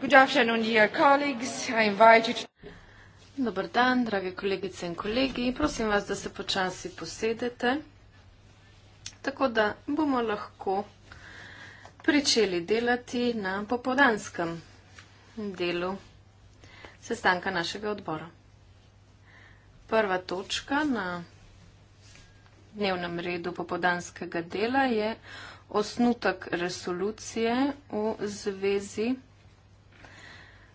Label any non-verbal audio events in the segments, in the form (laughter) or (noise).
Good afternoon, dear colleagues. I invite you to... Dobar dan, drage kolegice in kolegi. Prosim vas, da se počasi posedete, tako da bomo lahko pričeli delati na popodanskem delu sestanka našega odbora. Prva točka na dnevnem redu popodanskega dela je osnutek resolucije v zvezi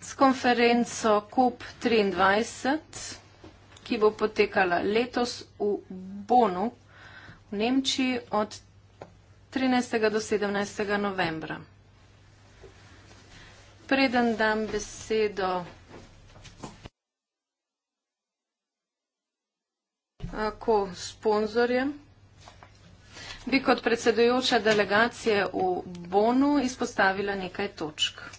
s konferenco COP23, ki bo potekala letos v Bonu v Nemčiji od 13. do 17. novembra. Preden dam besedo ko sponzorjem, bi kot predsedujoča delegacije v Bonu izpostavila nekaj točk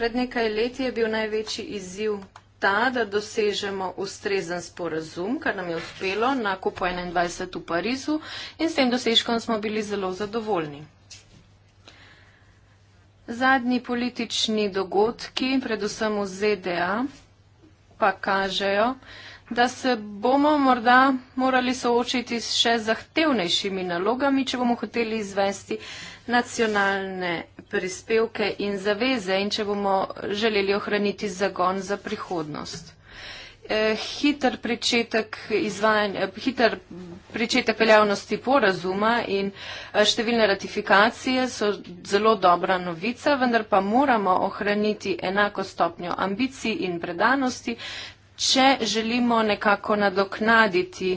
pred nekaj leti je bil največji izziv ta, da dosežemo ustrezen sporazum, kar nam je uspelo na kupu 21 v Parizu in s tem dosežkom smo bili zelo zadovoljni. Zadnji politični dogodki, predvsem v ZDA, pa kažejo, da se bomo morda morali soočiti s še zahtevnejšimi nalogami, če bomo hoteli izvesti nacionalne prispevke in zaveze in če bomo želeli ohraniti zagon za prihodnost. Eh, hiter pričetek, izvajanj, eh, hiter pričetek veljavnosti porazuma in eh, številne ratifikacije so zelo dobra novica, vendar pa moramo ohraniti enako stopnjo ambicij in predanosti, če želimo nekako nadoknaditi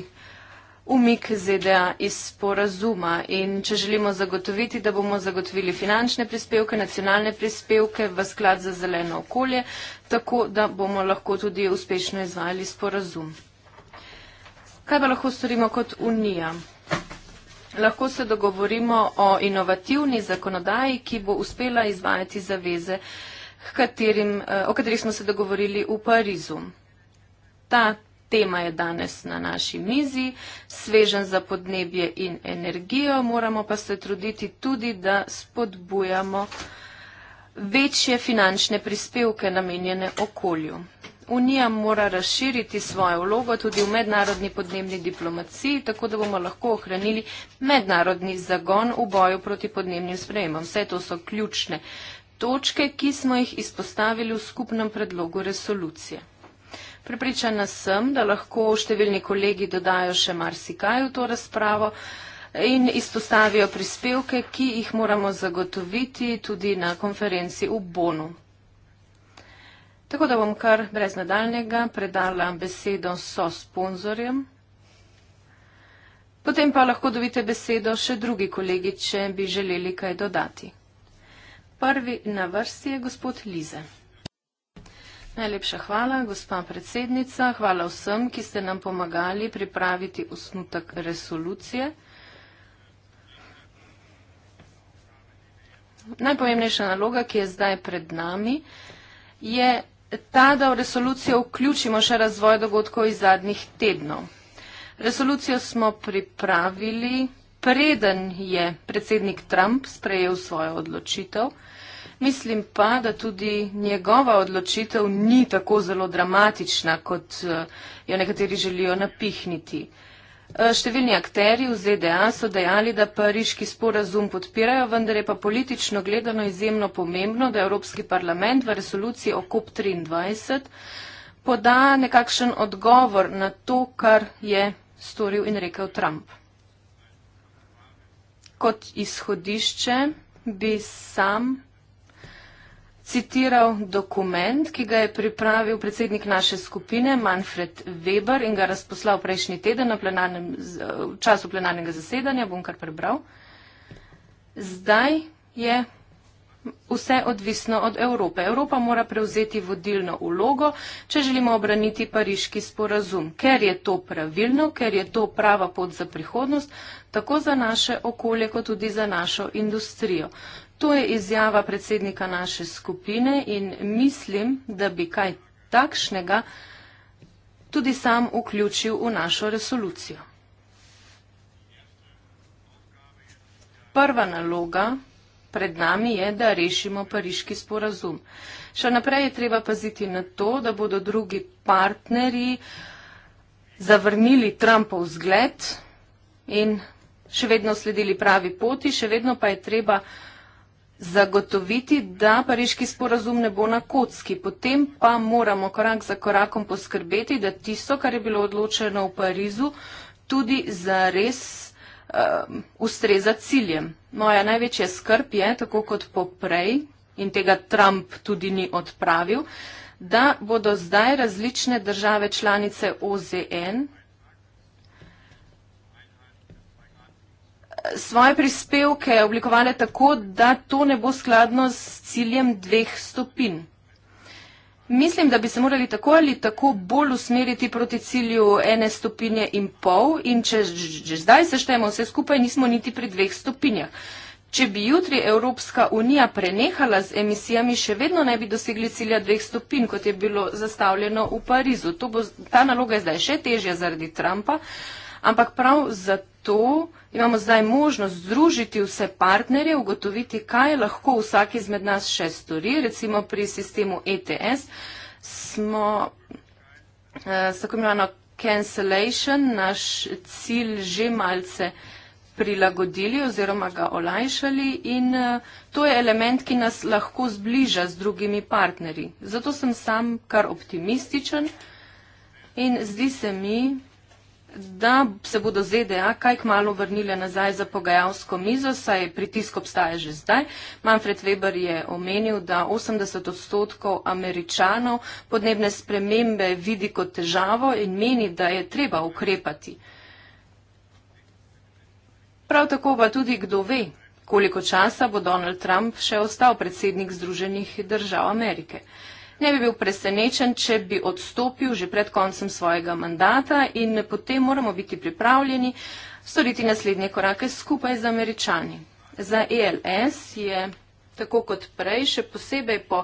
umik ZDA iz sporazuma in če želimo zagotoviti, da bomo zagotovili finančne prispevke, nacionalne prispevke v sklad za zeleno okolje, tako da bomo lahko tudi uspešno izvajali sporazum. Kaj pa lahko storimo kot Unija? Lahko se dogovorimo o inovativni zakonodaji, ki bo uspela izvajati zaveze, katerim, eh, o katerih smo se dogovorili v Parizu. Ta tema je danes na naši mizi, svežen za podnebje in energijo, moramo pa se truditi tudi, da spodbujamo večje finančne prispevke namenjene okolju. Unija mora razširiti svojo vlogo tudi v mednarodni podnebni diplomaciji, tako da bomo lahko ohranili mednarodni zagon v boju proti podnebnim sprejemom. Vse to so ključne točke, ki smo jih izpostavili v skupnem predlogu resolucije. Pripričana sem, da lahko številni kolegi dodajo še marsikaj v to razpravo in izpostavijo prispevke, ki jih moramo zagotoviti tudi na konferenci v Bonu. Tako da bom kar brez nadaljnega predala besedo so sponzorjem. Potem pa lahko dobite besedo še drugi kolegi, če bi želeli kaj dodati. Prvi na vrsti je gospod Lize. Najlepša hvala, gospa predsednica. Hvala vsem, ki ste nam pomagali pripraviti osnutek resolucije. Najpomembnejša naloga, ki je zdaj pred nami, je ta, da v resolucijo vključimo še razvoj dogodkov iz zadnjih tednov. Resolucijo smo pripravili, preden je predsednik Trump sprejel svojo odločitev. Mislim pa, da tudi njegova odločitev ni tako zelo dramatična, kot eh, jo nekateri želijo napihniti. Eh, številni akteri v ZDA so dejali, da pariški sporazum podpirajo, vendar je pa politično gledano izjemno pomembno, da Evropski parlament v resoluciji o COP23 poda nekakšen odgovor na to, kar je storil in rekel Trump. Kot izhodišče bi sam citiral dokument, ki ga je pripravil predsednik naše skupine Manfred Weber in ga razposlal prejšnji teden eh, v času plenarnega zasedanja, bom kar prebral. Zdaj je vse odvisno od Evrope. Evropa mora prevzeti vodilno ulogo, če želimo obraniti pariški sporazum. Ker je to pravilno, ker je to prava pot za prihodnost, tako za naše okolje, kot tudi za našo industrijo. To je izjava predsednika naše skupine in mislim, da bi kaj takšnega tudi sam vključil v našo resolucijo. Prva naloga pred nami je, da rešimo pariški sporazum. Še naprej je treba paziti na to, da bodo drugi partnerji zavrnili Trumpov zgled in še vedno sledili pravi poti, še vedno pa je treba zagotoviti, da pariški sporazum ne bo na kocki. Potem pa moramo korak za korakom poskrbeti, da tisto, kar je bilo odločeno v Parizu, tudi zares um, ustreza ciljem. Moja največja skrb je, tako kot poprej, in tega Trump tudi ni odpravil, da bodo zdaj različne države članice OZN svoje prispevke oblikovale tako, da to ne bo skladno s ciljem dveh stopin. Mislim, da bi se morali tako ali tako bolj usmeriti proti cilju ene stopinje in pol in če že zdaj seštejemo vse skupaj, nismo niti pri dveh stopinjah. Če bi jutri Evropska unija prenehala z emisijami, še vedno ne bi dosegli cilja dveh stopin, kot je bilo zastavljeno v Parizu. Bo, ta naloga je zdaj še težja zaradi Trumpa, ampak prav zato to, imamo zdaj možnost združiti vse partnerje, ugotoviti, kaj lahko vsak izmed nas še stori. Recimo pri sistemu ETS smo s eh, tako imenovano cancellation naš cilj že malce prilagodili oziroma ga olajšali in eh, to je element, ki nas lahko zbliža z drugimi partnerji. Zato sem sam kar optimističen in zdi se mi, da se bodo ZDA kaj kmalo vrnile nazaj za pogajalsko mizo, saj pritisk obstaja že zdaj. Manfred Weber je omenil, da 80 odstotkov američanov podnebne spremembe vidi kot težavo in meni, da je treba ukrepati. Prav tako pa tudi kdo ve, koliko časa bo Donald Trump še ostal predsednik Združenih držav Amerike ne bi bil presenečen, če bi odstopil že pred koncem svojega mandata in potem moramo biti pripravljeni storiti naslednje korake skupaj z američani. Za ELS je tako kot prej, še posebej po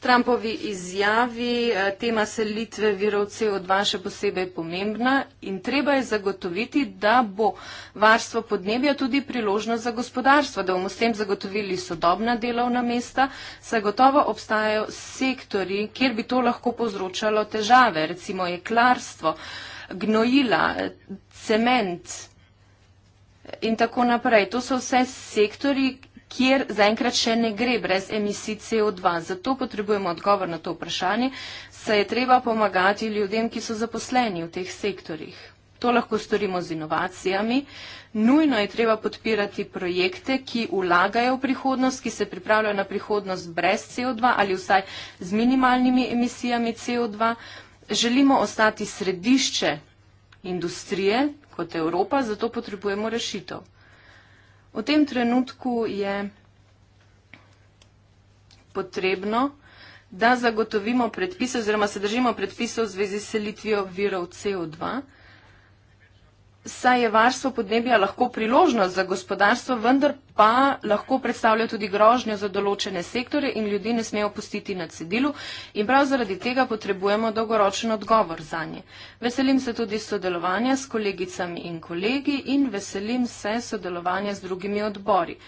Trumpovi izjavi, eh, tema selitve virovcev od vas še posebej pomembna in treba je zagotoviti, da bo varstvo podnebja tudi priložnost za gospodarstvo, da bomo s tem zagotovili sodobna delovna mesta. Zagotovo obstajajo sektori, kjer bi to lahko povzročalo težave, recimo je klarstvo, gnojila, eh, cement. In tako naprej. To so vse sektori, kjer zaenkrat še ne gre brez emisij CO2. Zato potrebujemo odgovor na to vprašanje, saj je treba pomagati ljudem, ki so zaposleni v teh sektorjih. To lahko storimo z inovacijami. Nujno je treba podpirati projekte, ki ulagajo v prihodnost, ki se pripravljajo na prihodnost brez CO2 ali vsaj z minimalnimi emisijami CO2. Želimo ostati središče industrije kot Evropa, zato potrebujemo rešitev. V tem trenutku je potrebno, da zagotovimo predpise oziroma se držimo predpisov v zvezi s selitvijo virov CO2 saj je varstvo podnebja lahko priložnost za gospodarstvo, vendar pa lahko predstavlja tudi grožnjo za določene sektore in ljudi ne smejo pustiti na cedilu in prav zaradi tega potrebujemo dolgoročen odgovor za nje. Veselim se tudi sodelovanja s kolegicami in kolegi in veselim se sodelovanja z drugimi odbori.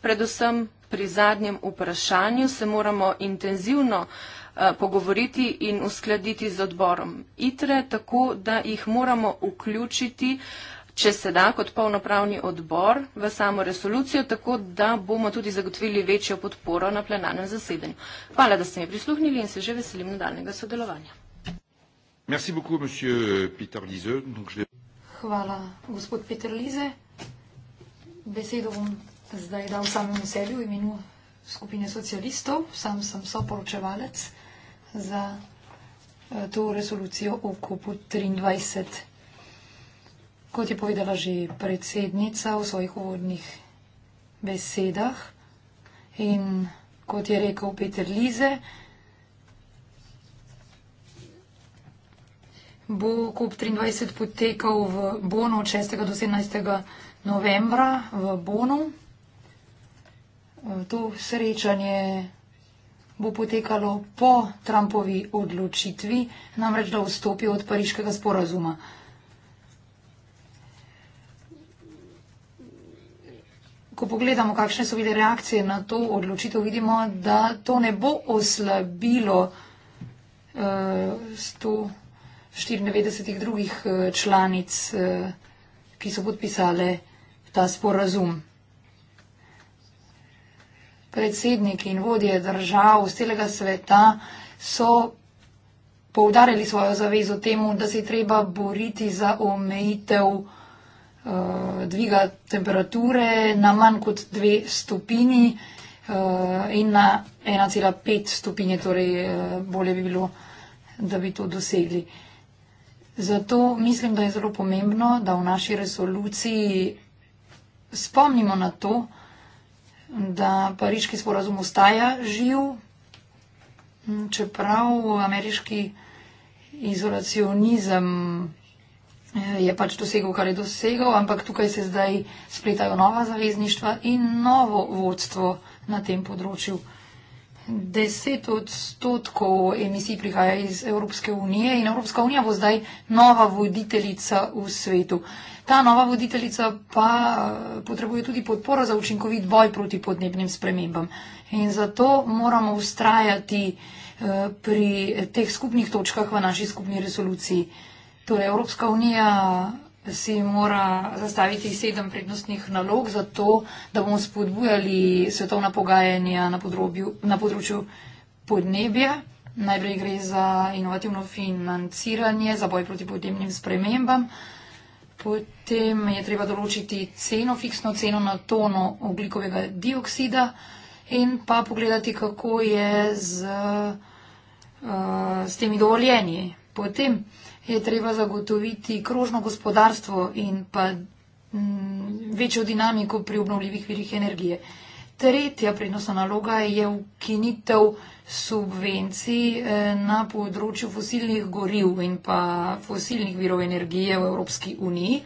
Predvsem pri zadnjem vprašanju se moramo intenzivno uh, Eh, pogovoriti in uskladiti z odborom ITRE, tako da jih moramo vključiti, če se da, kot polnopravni odbor v samo resolucijo, tako da bomo tudi zagotovili večjo podporo na plenarnem zasedanju. Hvala, da ste mi prisluhnili in se že veselim nadaljnega sodelovanja. Merci beaucoup, monsieur Peter Lize. Hvala, gospod Peter Lize. Besedo bom zdaj dal samemu sebi v imenu skupine socialistov, sam sem soporočevalec za eh, to resolucijo v kupu 23. Kot je povedala že predsednica v svojih uvodnih besedah in kot je rekel Peter Lize, bo kup 23 potekal v Bonu od 6. do 17. novembra v Bonu. Eh, to srečanje bo potekalo po Trumpovi odločitvi, namreč da vstopi od pariškega sporazuma. Ko pogledamo, kakšne so bile reakcije na to odločitev, vidimo, da to ne bo oslabilo uh, eh, 194 drugih eh, članic, uh, ki so podpisale ta sporazum predsedniki in vodje držav z celega sveta so povdarjali svojo zavezo temu, da se je treba boriti za omejitev eh, dviga temperature na manj kot dve stopini eh, in na 1,5 stopinje, torej eh, bolje bi bilo, da bi to dosegli. Zato mislim, da je zelo pomembno, da v naši resoluciji spomnimo na to, da pariški sporazum ostaja živ, čeprav ameriški izolacionizem eh, je pač dosegel, kar je dosegel, ampak tukaj se zdaj spletajo nova zavezništva in novo vodstvo na tem področju. 10 odstotkov emisij prihaja iz Evropske unije in Evropska unija bo zdaj nova voditeljica v svetu. Ta nova voditeljica pa eh, potrebuje tudi podporo za učinkovit boj proti podnebnim spremembam. In zato moramo ustrajati eh, pri teh skupnih točkah v naši skupni resoluciji. Torej, Evropska unija si mora zastaviti sedem prednostnih nalog za to, da bomo spodbujali svetovna pogajanja na, podrobju, na področju podnebja. Najprej gre za inovativno financiranje, za boj proti podnebnim spremembam. Potem je treba določiti ceno, fiksno ceno na tono oglikovega dioksida in pa pogledati, kako je z, uh, s temi dovoljenji. Potem je treba zagotoviti krožno gospodarstvo in pa mm, večjo dinamiko pri obnovljivih virih energije. Tretja prednostna naloga je ukinitev subvencij eh, na področju fosilnih goriv in pa fosilnih virov energije v Evropski uniji.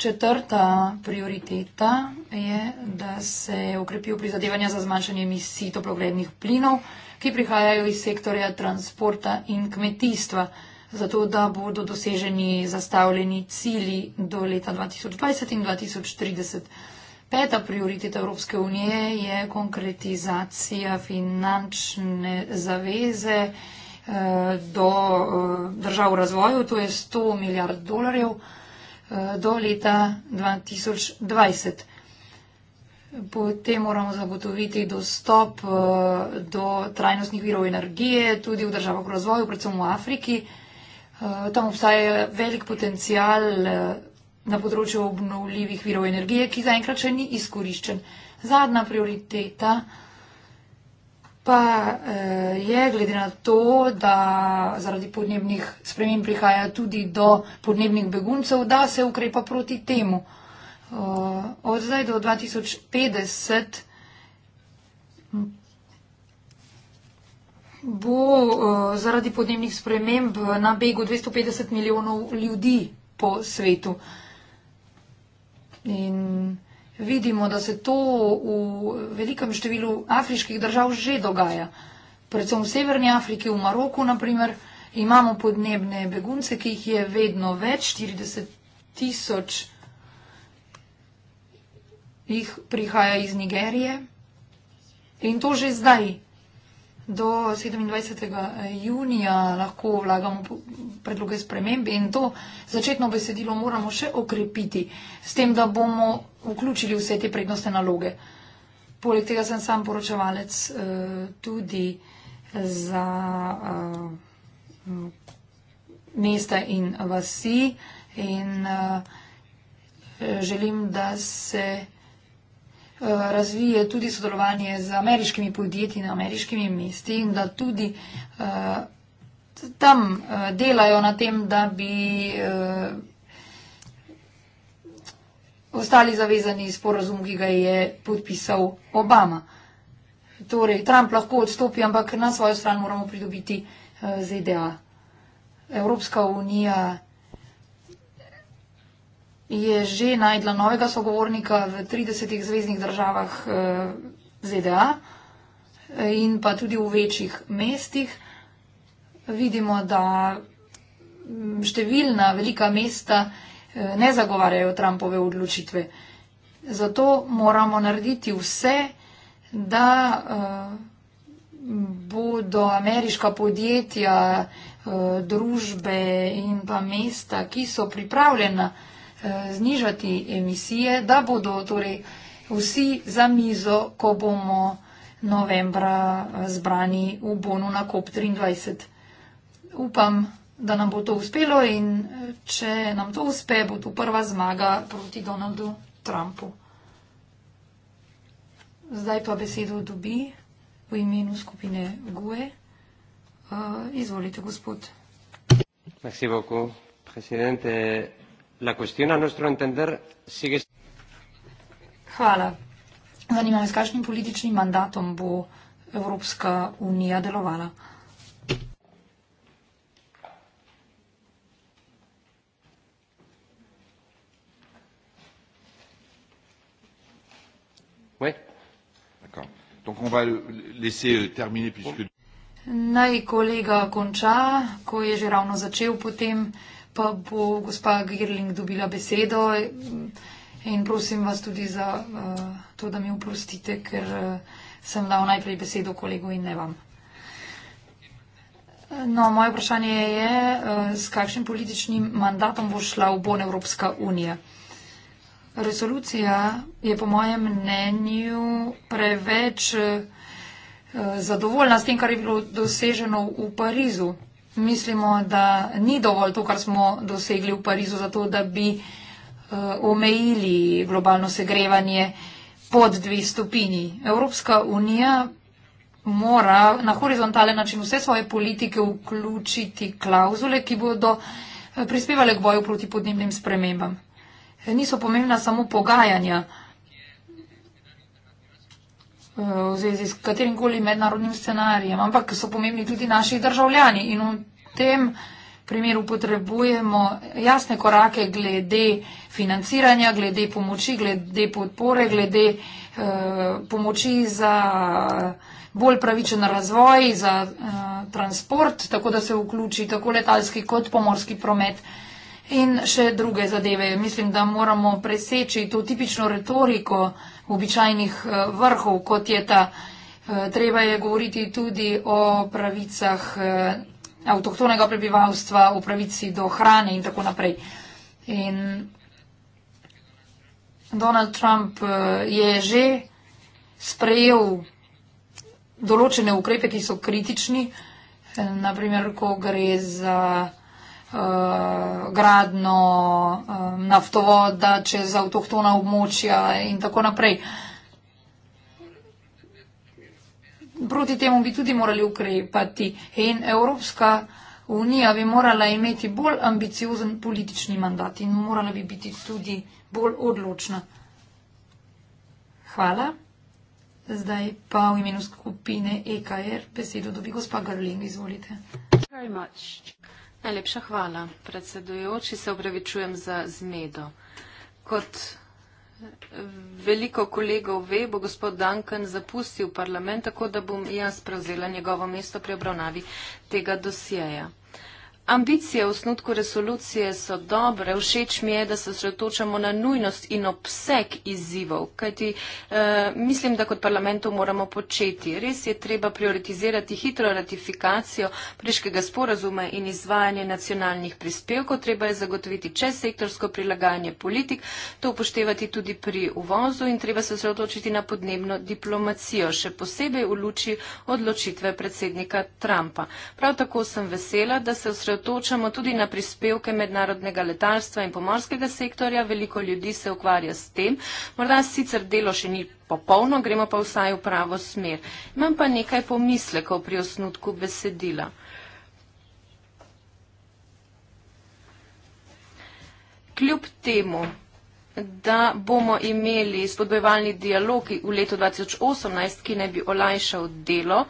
Četrta prioriteta je, da se okrepijo prizadevanja za zmanjšanje emisij toplogrednih plinov ki prihajajo iz sektorja transporta in kmetijstva, zato da bodo doseženi zastavljeni cilji do leta 2020 in 2030. Peta prioriteta Evropske unije je konkretizacija finančne zaveze eh, do eh, držav v razvoju, to je 100 milijard dolarjev eh, do leta 2020. Potem moramo zagotoviti dostop eh, do trajnostnih virov energije tudi v državah v razvoju, predvsem v Afriki. Eh, tam obstaja velik potencial eh, na področju obnovljivih virov energije, ki zaenkrat še ni izkoriščen. Zadnja prioriteta pa je, glede na to, da zaradi podnebnih sprememb prihaja tudi do podnebnih beguncev, da se ukrepa proti temu od zdaj do 2050 bo zaradi podnebnih sprememb na begu 250 milijonov ljudi po svetu. In vidimo, da se to v velikem številu afriških držav že dogaja. Predvsem v Severni Afriki, v Maroku, naprimer, imamo podnebne begunce, ki jih je vedno več, 40 tisoč. 000 jih prihaja iz Nigerije. In to že zdaj, do 27. Eh, junija, lahko vlagamo predloge spremembe in to začetno besedilo moramo še okrepiti, s tem, da bomo vključili vse te prednostne naloge. Poleg tega sem sam poročevalec eh, tudi za eh, mesta in vasi in želim, da se razvije tudi sodelovanje z ameriškimi podjetji in ameriškimi mesti in da tudi uh, tam uh, delajo na tem, da bi uh, ostali zavezani sporozum, ki ga je podpisal Obama. Torej, Trump lahko odstopi, ampak na svojo stran moramo pridobiti uh, ZDA. Evropska unija je že najdla novega sogovornika v 30 zvezdnih državah eh, ZDA in pa tudi v večjih mestih. Vidimo, da mm, številna velika mesta eh, ne zagovarjajo Trumpove odločitve. Zato moramo narediti vse, da eh, bodo ameriška podjetja, družbe in pa mesta, ki so pripravljena, Eh, znižati emisije, da bodo torej vsi za mizo, ko bomo novembra eh, zbrani v Bonu na COP23. Upam, da nam bo to uspelo in eh, če nam to uspe, bo to prva zmaga proti Donaldu Trumpu. Zdaj pa besedo dobi v imenu skupine GUE. Uh, izvolite, gospod. Merci beaucoup, presidente. La cuestión a nuestro entender sigue. Hvala. Zanima me, s kakšnim političnim mandatom bo Evropska unija delovala. Euh, Naj kolega konča, ko je že ravno začel potem pa bo gospa Gerling dobila besedo in prosim vas tudi za uh, to, da mi oprostite, ker uh, sem dal najprej besedo kolegu in ne vam. No, moje vprašanje je, uh, s kakšnim političnim mandatom bo šla v bon Evropska unija. Resolucija je po mojem mnenju preveč uh, zadovoljna s tem, kar je bilo doseženo v Parizu mislimo, da ni dovolj to, kar smo dosegli v Parizu, zato da bi eh, omejili globalno segrevanje pod dve stopini. Evropska unija mora na horizontalen način vse svoje politike vključiti klauzule, ki bodo eh, prispevale k boju proti podnebnim spremembam. Niso pomembna samo pogajanja. Eh, v zvezi s katerim koli mednarodnim scenarijem, ampak so pomembni tudi naši državljani in v tem primeru potrebujemo jasne korake glede financiranja, glede pomoči, glede podpore, glede uh, pomoči za bolj pravičen razvoj, za uh, transport, tako da se vključi tako letalski kot pomorski promet. In še druge zadeve. Mislim, da moramo preseči to tipično retoriko, uh, običajnih eh, vrhov, kot je ta. Eh, treba je govoriti tudi o pravicah eh, avtohtonega prebivalstva, o pravici do hrane in tako naprej. In Donald Trump je že sprejel določene ukrepe, ki so kritični, naprimer, ko gre za Eh, gradno eh, naftovoda čez avtohtona območja in tako naprej. Proti temu bi tudi morali ukrepati in Evropska unija bi morala imeti bolj ambiciozen politični mandat in morala bi biti tudi bolj odločna. Hvala. Zdaj pa v imenu skupine EKR besedo dobi gospa Grling. Izvolite. Najlepša hvala, predsedujoči. Se upravičujem za zmedo. Kot veliko kolegov ve, bo gospod Duncan zapustil parlament, tako da bom jaz prevzela njegovo mesto pri obravnavi tega dosjeja. Ambicije v snutku resolucije so dobre, všeč mi je, da se osredotočamo na nujnost in obseg izzivov, kajti eh, mislim, da kot parlamentu moramo početi. Res je treba prioritizirati hitro ratifikacijo priškega sporazuma in izvajanje nacionalnih prispevkov, treba je zagotoviti čezsektorsko prilagajanje politik, to upoštevati tudi pri uvozu in treba se osredotočiti na podnebno diplomacijo, še posebej v luči odločitve predsednika Trumpa. Prav tako sem vesela, da se osredotočamo osredotočamo tudi na prispevke mednarodnega letalstva in pomorskega sektorja. Veliko ljudi se ukvarja s tem. Morda sicer delo še ni popolno, gremo pa vsaj v pravo smer. Imam pa nekaj pomislekov pri osnutku besedila. Kljub temu, da bomo imeli spodbojevalni dialog v letu 2018, ki naj bi olajšal delo,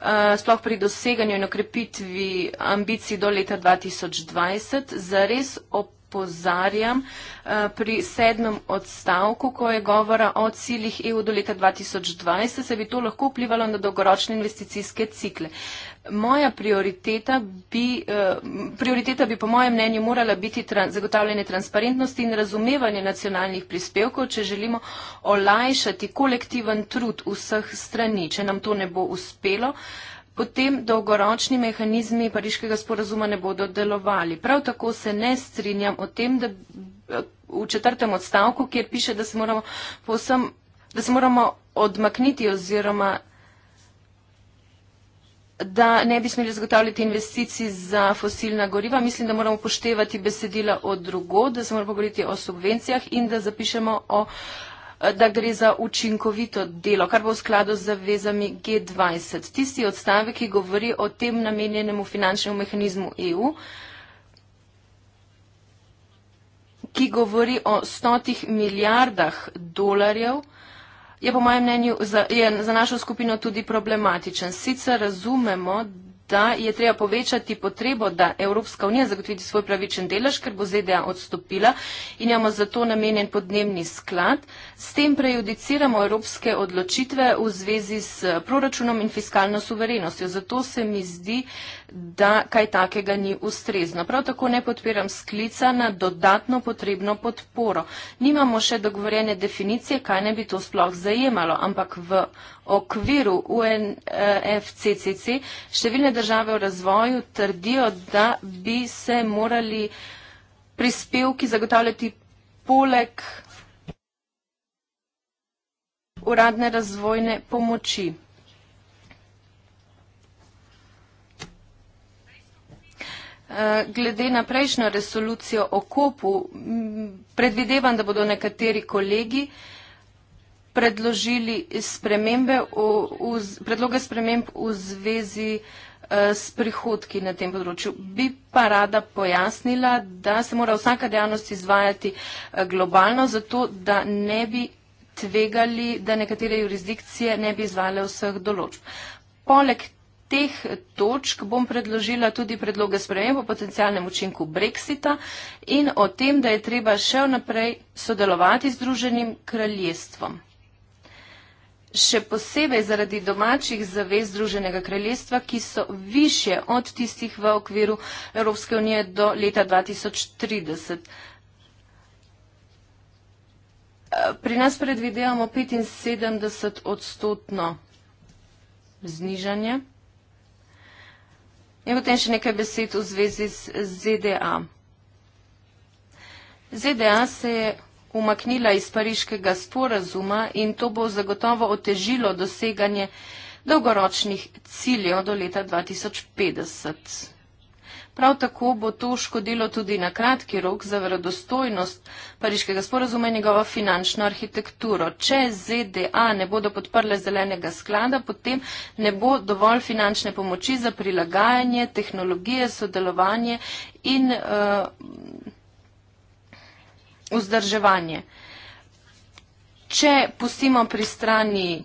Eh, sploh pri doseganju in okrepitvi ambicij do leta 2020, zares opravljati. Pozarjam eh, pri sedmem odstavku, ko je govora o ciljih EU do leta 2020, se bi to lahko vplivalo na dolgoročne investicijske cikle moja prioriteta bi, eh, prioriteta bi po mojem mnenju morala biti zagotavljanje transparentnosti in razumevanje nacionalnih prispevkov, če želimo olajšati kolektiven trud vseh strani. Če nam to ne bo uspelo, potem dolgoročni mehanizmi pariškega sporazuma ne bodo delovali. Prav tako se ne strinjam o tem, da v četrtem odstavku, kjer piše, da se moramo, posem, da se moramo odmakniti oziroma da ne bi smeli zagotavljati investicij za fosilna goriva. Mislim, da moramo poštevati besedila od drugo, da se moramo govoriti o subvencijah in da zapišemo, o, da gre za učinkovito delo, kar bo v skladu z zavezami G20. Tisti odstavek, ki govori o tem namenjenemu finančnemu mehanizmu EU, ki govori o stotih milijardah dolarjev, je po mojem mnenju za, je za našo skupino tudi problematičen. Sicer razumemo, da je treba povečati potrebo, da Evropska unija zagotovi svoj pravičen delež, ker bo ZDA odstopila in imamo zato namenjen podnebni sklad. S tem prejudiciramo evropske odločitve v zvezi s proračunom in fiskalno suverenostjo. Zato se mi zdi, da kaj takega ni ustrezno. Prav tako ne podpiram sklica na dodatno potrebno podporo. Nimamo še dogovorjene definicije, kaj ne bi to sploh zajemalo, ampak v okviru UNFCCC številne države v razvoju trdijo, da bi se morali prispevki zagotavljati poleg uradne razvojne pomoči. Eh, glede na prejšnjo resolucijo o kopu, predvidevam, da bodo nekateri kolegi uh, predložili spremembe v, v, predloge sprememb v zvezi eh, s prihodki na tem področju. Bi pa rada pojasnila, da se mora vsaka dejavnost izvajati eh, globalno, zato da ne bi tvegali, da nekatere jurisdikcije ne bi izvale vseh določb. Poleg teh točk bom predložila tudi predloge sprejem o potencijalnem učinku Brexita in o tem, da je treba še vnaprej sodelovati z Združenim kraljestvom še posebej zaradi domačih zavez Združenega kraljestva, ki so više od tistih v okviru Evropske unije do leta 2030. Pri nas predvidevamo 75 odstotno znižanje. In potem še nekaj besed v zvezi z ZDA. ZDA se je umaknila iz pariškega sporazuma in to bo zagotovo otežilo doseganje dolgoročnih ciljev do leta 2050. Prav tako bo to škodilo tudi na kratki rok za verodostojnost pariškega sporazuma in njegovo finančno arhitekturo. Če ZDA ne bodo podprle zelenega sklada, potem ne bo dovolj finančne pomoči za prilagajanje tehnologije, sodelovanje in. Uh, vzdrževanje. Če pustimo pri strani eh,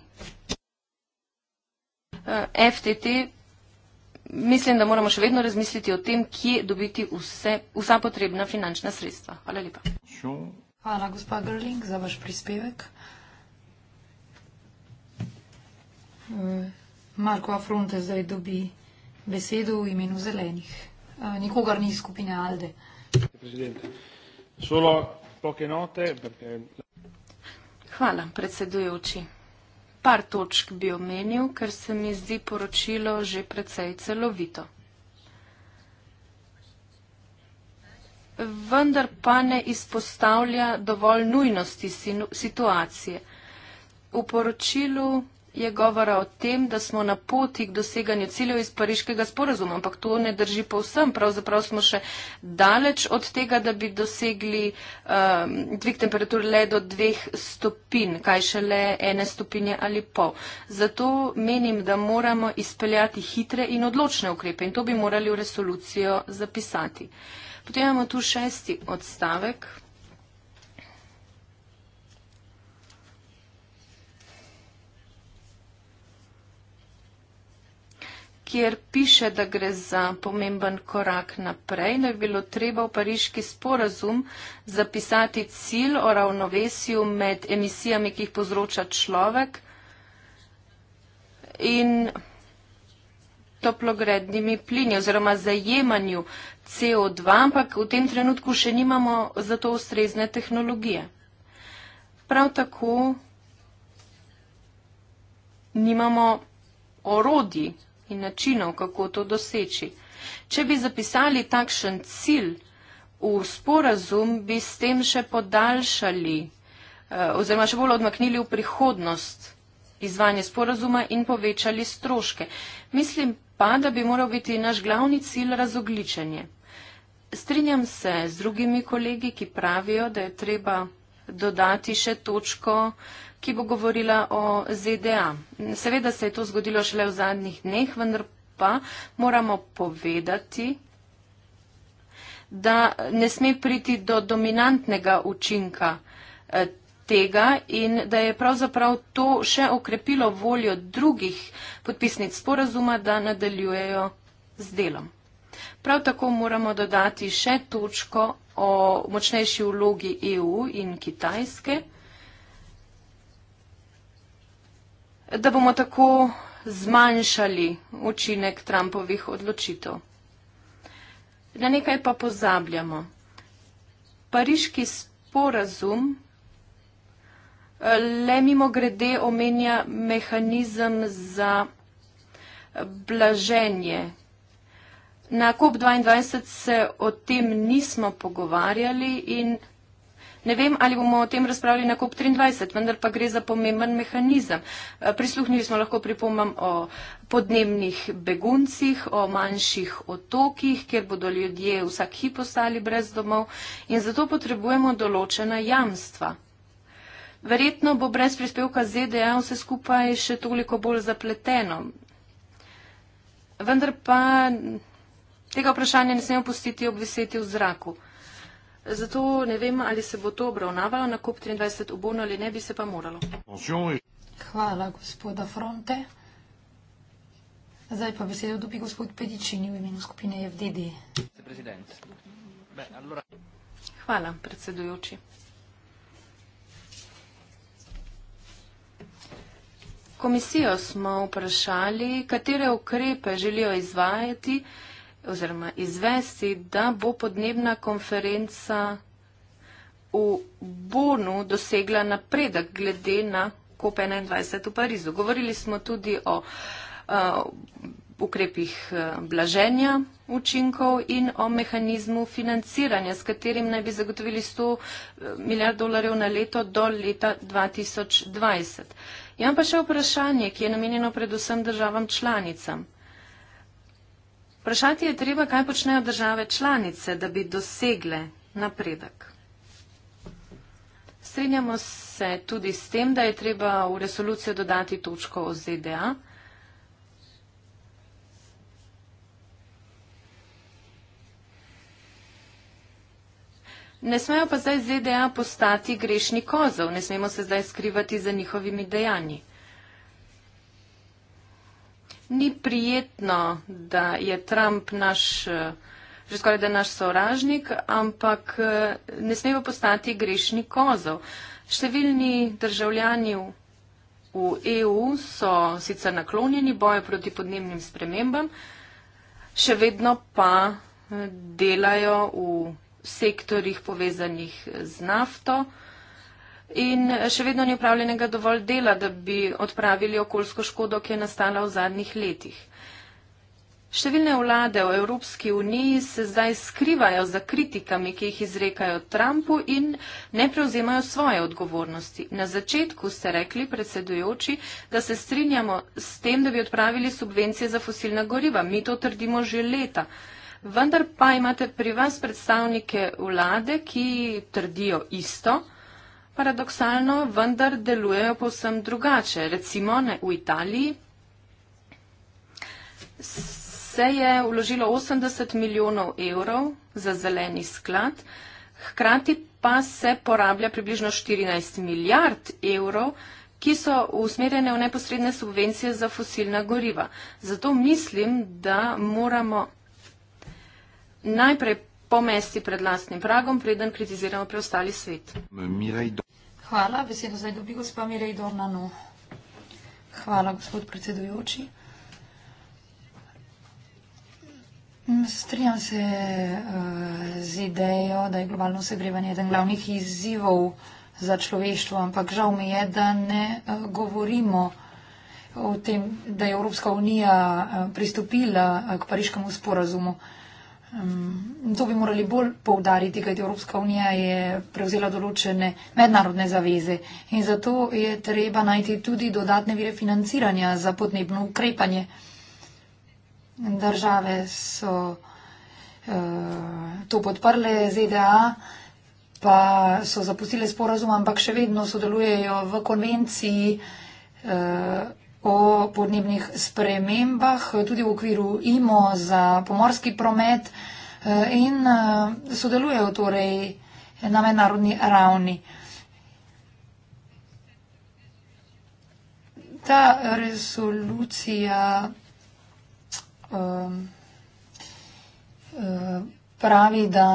FTT, mislim, da moramo še vedno razmisliti o tem, kje dobiti vse, vsa potrebna finančna sredstva. Hvala lepa. Hvala, gospa Grling, za vaš prispevek. Eh, Marko Afronte zdaj dobi besedo v imenu zelenih. Eh, nikogar ni iz skupine Alde. Solo poke note. Perché... Hvala, predsedujoči. Par točk bi omenil, ker se mi zdi poročilo že precej celovito. Vendar pa ne izpostavlja dovolj nujnosti situacije. V poročilu je govora o tem, da smo na poti k doseganju ciljev iz pariškega sporazuma, ampak to ne drži povsem. Pravzaprav smo še daleč od tega, da bi dosegli um, dvig temperature le do dveh stopin, kaj še le ene stopinje ali pol. Zato menim, da moramo izpeljati hitre in odločne ukrepe in to bi morali v resolucijo zapisati. Potem imamo tu šesti odstavek. kjer piše, da gre za pomemben korak naprej, da je bilo treba v pariški sporazum zapisati cilj o ravnovesju med emisijami, ki jih povzroča človek in toplogrednimi plini oziroma zajemanju CO2, ampak v tem trenutku še nimamo za to ustrezne tehnologije. Prav tako nimamo orodji in načinov, kako to doseči. Če bi zapisali takšen cilj v sporazum, bi s tem še podaljšali eh, oziroma še bolj odmaknili v prihodnost izvanje sporazuma in povečali stroške. Mislim pa, da bi moral biti naš glavni cilj razogličenje. Strinjam se z drugimi kolegi, ki pravijo, da je treba dodati še točko uh, ki bo govorila o ZDA. Seveda se je to zgodilo šele v zadnjih dneh, vendar pa moramo povedati, da ne sme priti do dominantnega učinka eh, tega in da je pravzaprav to še okrepilo voljo drugih podpisnic sporazuma, da nadaljujejo z delom. Prav tako moramo dodati še točko o močnejši vlogi EU in Kitajske. da bomo tako zmanjšali učinek Trumpovih odločitev. Na nekaj pa pozabljamo. Pariški sporazum eh, le mimo grede omenja mehanizem za blaženje. Na COP22 se o tem nismo pogovarjali in Ne vem, ali bomo o tem razpravljali na COP23, vendar pa gre za pomemben mehanizem. Eh, prisluhnili smo lahko pripomam o podnebnih beguncih, o manjših otokih, kjer bodo ljudje vsak hip ostali brez domov in zato potrebujemo določena jamstva. Verjetno bo brez prispevka ZDA vse skupaj še toliko bolj zapleteno. Vendar pa tega vprašanja ne smemo pustiti obviseti v zraku. Zato ne vem, ali se bo to obravnavalo na COP23 v Bonu ali ne, bi se pa moralo. Hvala, gospoda Fronte. Zdaj pa besedo dobi gospod Pedičini v imenu skupine FDD. Hvala, predsedujoči. Komisijo smo vprašali, katere ukrepe želijo izvajati in oziroma izvesti, da bo podnebna konferenca v Bonu dosegla napredek glede na COP21 v Parizu. Govorili smo tudi o a, ukrepih eh, blaženja učinkov in o mehanizmu financiranja, s katerim naj bi zagotovili 100 eh, milijard dolarjev na leto do leta 2020. Imam pa še vprašanje, ki je namenjeno predvsem državam članicam. Vprašati je treba, kaj počnejo države članice, da bi dosegle napredek. Strinjamo se tudi s tem, da je treba v resolucijo dodati točko o ZDA. Ne smejo pa zdaj ZDA postati grešni kozov, ne smemo se zdaj skrivati za njihovimi dejanji ni prijetno, da je Trump naš, eh, že skoraj da naš sovražnik, ampak eh, ne smemo postati grešni kozov. Številni državljani v EU so sicer naklonjeni boju proti podnebnim spremembam, še vedno pa eh, delajo v sektorjih povezanih z nafto, in še vedno ni upravljenega dovolj dela, da bi odpravili okoljsko škodo, ki je nastala v zadnjih letih. Številne vlade v Evropski uniji se zdaj skrivajo za kritikami, ki jih izrekajo Trumpu in ne prevzemajo svoje odgovornosti. Na začetku ste rekli, predsedujoči, da se strinjamo s tem, da bi odpravili subvencije za fosilna goriva. Mi to trdimo že leta. Vendar pa imate pri vas predstavnike vlade, ki trdijo isto paradoksalno vendar delujejo povsem drugače. Recimo ne, v Italiji se je vložilo 80 milijonov evrov za zeleni sklad, hkrati pa se porablja približno 14 milijard evrov, ki so usmerjene v neposredne subvencije za fosilna goriva. Zato mislim, da moramo najprej pomesti pred lastnim pragom, preden kritiziramo preostali svet. Hvala, besedo zdaj dobi gospa Mirej Dornanu. Hvala, gospod predsedujoči. Mm, strinjam se eh, z idejo, da je globalno segrevanje eden glavnih izzivov za človeštvo, ampak žal mi je, da ne eh, govorimo o tem, da je Evropska unija eh, pristopila k pariškemu sporazumu. Um, to bi morali bolj poudariti, kajti Evropska unija je prevzela določene mednarodne zaveze in zato je treba najti tudi dodatne vire financiranja za podnebno ukrepanje. Države so uh, to podprle, ZDA pa so zapustile sporazum, ampak še vedno sodelujejo v konvenciji. Uh, o podnebnih spremembah, tudi v okviru IMO za pomorski promet eh, in eh, sodelujejo torej na mednarodni ravni. Ta resolucija ehm, eh, pravi, da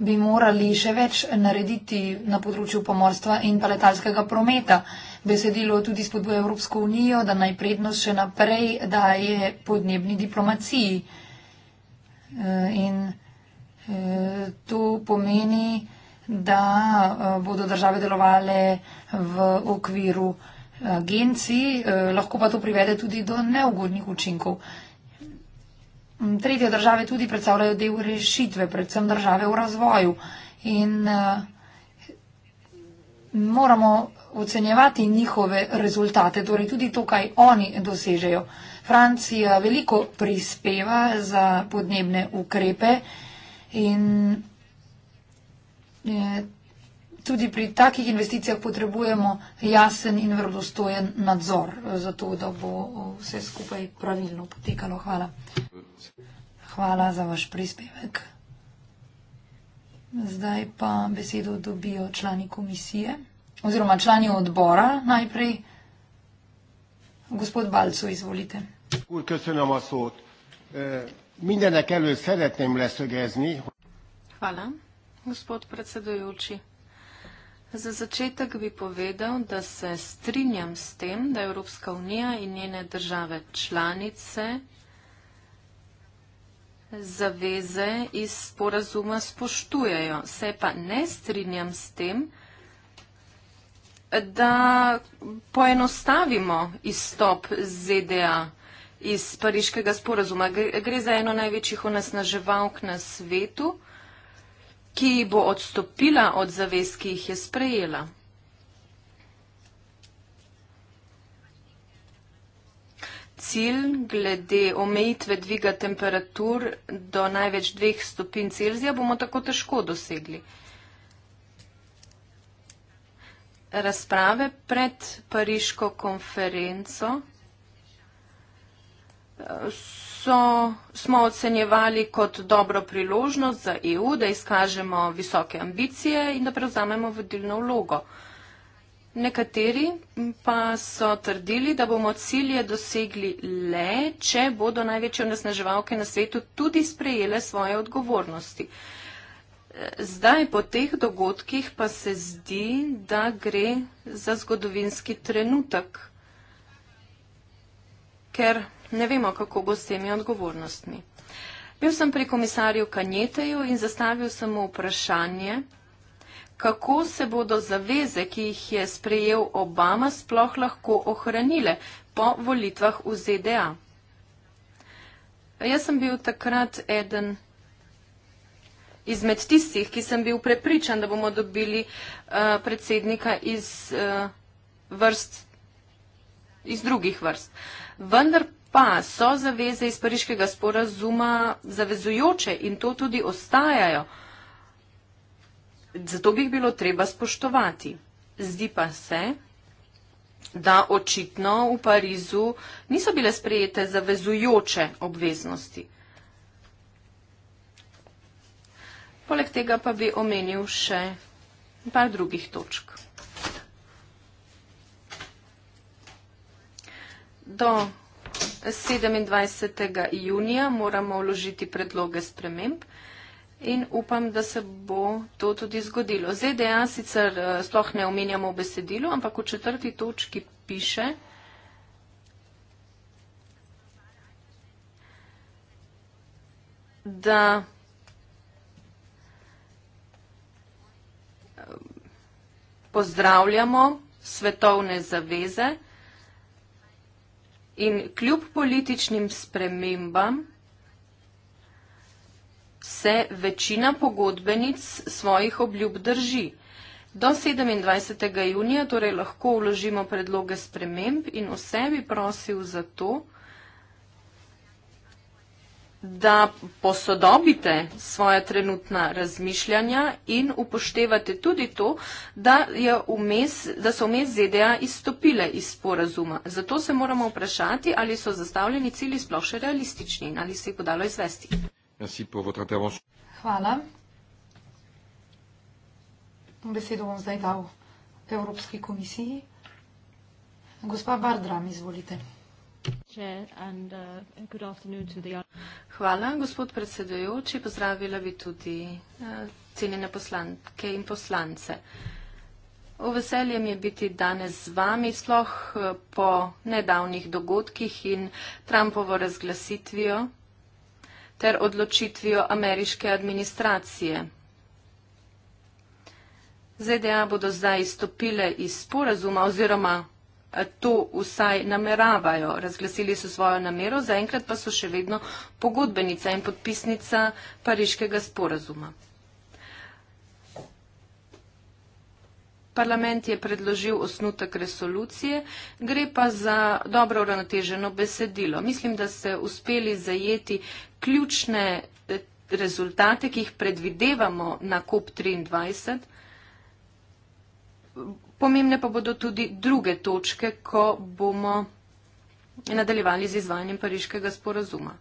bi morali še več narediti na področju pomorstva in paletalskega prometa besedilo tudi spodbuja Evropsko unijo, da naj prednost še naprej daje podnebni diplomaciji. Eh, in eh, to pomeni, da eh, bodo države delovale v okviru agencij, lahko pa to privede tudi do neugodnih učinkov. Mm, tretje države tudi predstavljajo del rešitve, predvsem države v razvoju. In uh, moramo ocenjevati njihove rezultate, torej tudi to, kaj oni dosežejo. Francija veliko prispeva za podnebne ukrepe in eh, tudi pri takih investicijah potrebujemo jasen in vrdostojen nadzor, eh, zato da bo eh, vse skupaj pravilno potekalo. Hvala. Hvala za vaš prispevek. Zdaj pa besedo dobijo člani komisije oziroma člani odbora najprej. Gospod Balco, izvolite. Úr, köszönöm a szót. Mindenek előtt szeretném leszögezni. Hvala, gospod predsedujúči. Za začetek bi povedal, da se strinjam s tem, da Evropska unija in njene države članice zaveze iz sporazuma spoštujejo. Se pa ne strinjam s tem, da poenostavimo izstop ZDA iz pariškega sporazuma. Gre za eno največjih onesnaževalk na svetu, ki bo odstopila od zavez, ki jih je sprejela. cilj glede omejitve dviga temperatur do največ dveh stopinj Celzija bomo tako težko dosegli. Razprave pred Pariško konferenco eh, so, smo ocenjevali kot dobro priložnost za EU, da izkažemo visoke ambicije in da prevzamemo vodilno vlogo. Nekateri pa so trdili, da bomo cilje dosegli le, če bodo največje onesnaževalke na svetu tudi sprejele svoje odgovornosti. Zdaj po teh dogodkih pa se zdi, da gre za zgodovinski trenutek, ker ne vemo, kako bo s temi odgovornostmi. Bil sem pri komisarju Kanjeteju in zastavil sem mu vprašanje, kako se bodo zaveze, ki jih je sprejel Obama, sploh lahko ohranile po volitvah v ZDA. Jaz sem bil takrat eden izmed tistih, ki sem bil prepričan, da bomo dobili uh, predsednika iz uh, vrst, iz drugih vrst. Vendar pa so zaveze iz pariškega sporazuma zavezujoče in to tudi ostajajo zato bi jih bilo treba spoštovati. Zdi pa se, da očitno v Parizu niso bile sprejete zavezujoče obveznosti. Poleg tega pa bi omenil še par drugih točk. Do 27. junija moramo vložiti predloge sprememb in upam, da se bo to tudi zgodilo. ZDA sicer eh, sploh ne omenjamo v besedilu, ampak v četrti točki piše, da eh, pozdravljamo svetovne zaveze in kljub političnim spremembam se večina pogodbenic svojih obljub drži. Do 27. junija torej lahko vložimo predloge sprememb in vse bi prosil za to, da posodobite svoje trenutna razmišljanja in upoštevate tudi to, da, je vmes, da so vmes ZDA izstopile iz sporazuma. Zato se moramo vprašati, ali so zastavljeni cilji sploh še realistični in ali se jih podalo izvesti. Merci pour votre intervention. Hvala. Besedo bom zdaj dal Evropski komisiji. Gospa Bardram, izvolite. Uh, Hvala, gospod predsedujoči. Pozdravila bi tudi uh, ciljene poslanke in poslance. O veselje mi je biti danes z vami, sploh uh, po nedavnih dogodkih in Trumpovo razglasitvijo ter odločitvijo ameriške administracije. ZDA bodo zdaj izstopile iz sporazuma oziroma eh, to vsaj nameravajo. Razglasili so svojo namero, zaenkrat pa so še vedno pogodbenica in podpisnica pariškega sporazuma. Parlament je predložil osnutek resolucije, gre pa za dobro uravnoteženo besedilo. Mislim, da ste uspeli zajeti ključne eh, rezultate, ki jih predvidevamo na COP23. Pomembne pa bodo tudi druge točke, ko bomo nadaljevali z izvajanjem pariškega sporazuma.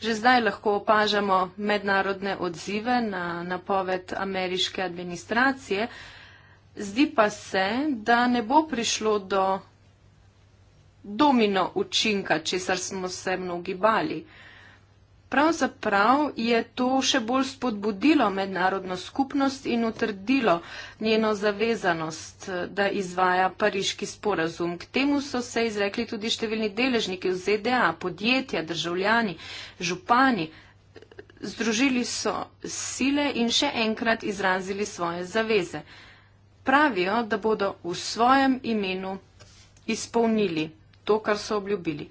Že zdaj lahko opažamo mednarodne odzive na napoved ameriške administracije. Zdi pa se, da ne bo prišlo do domino učinka, česar smo se mnogi bali. Pravzaprav je to še bolj spodbudilo mednarodno skupnost in utrdilo njeno zavezanost, da izvaja pariški sporazum. K temu so se izrekli tudi številni deležniki v ZDA, podjetja, državljani, župani. Združili so sile in še enkrat izrazili svoje zaveze. Pravijo, da bodo v svojem imenu izpolnili to, kar so obljubili.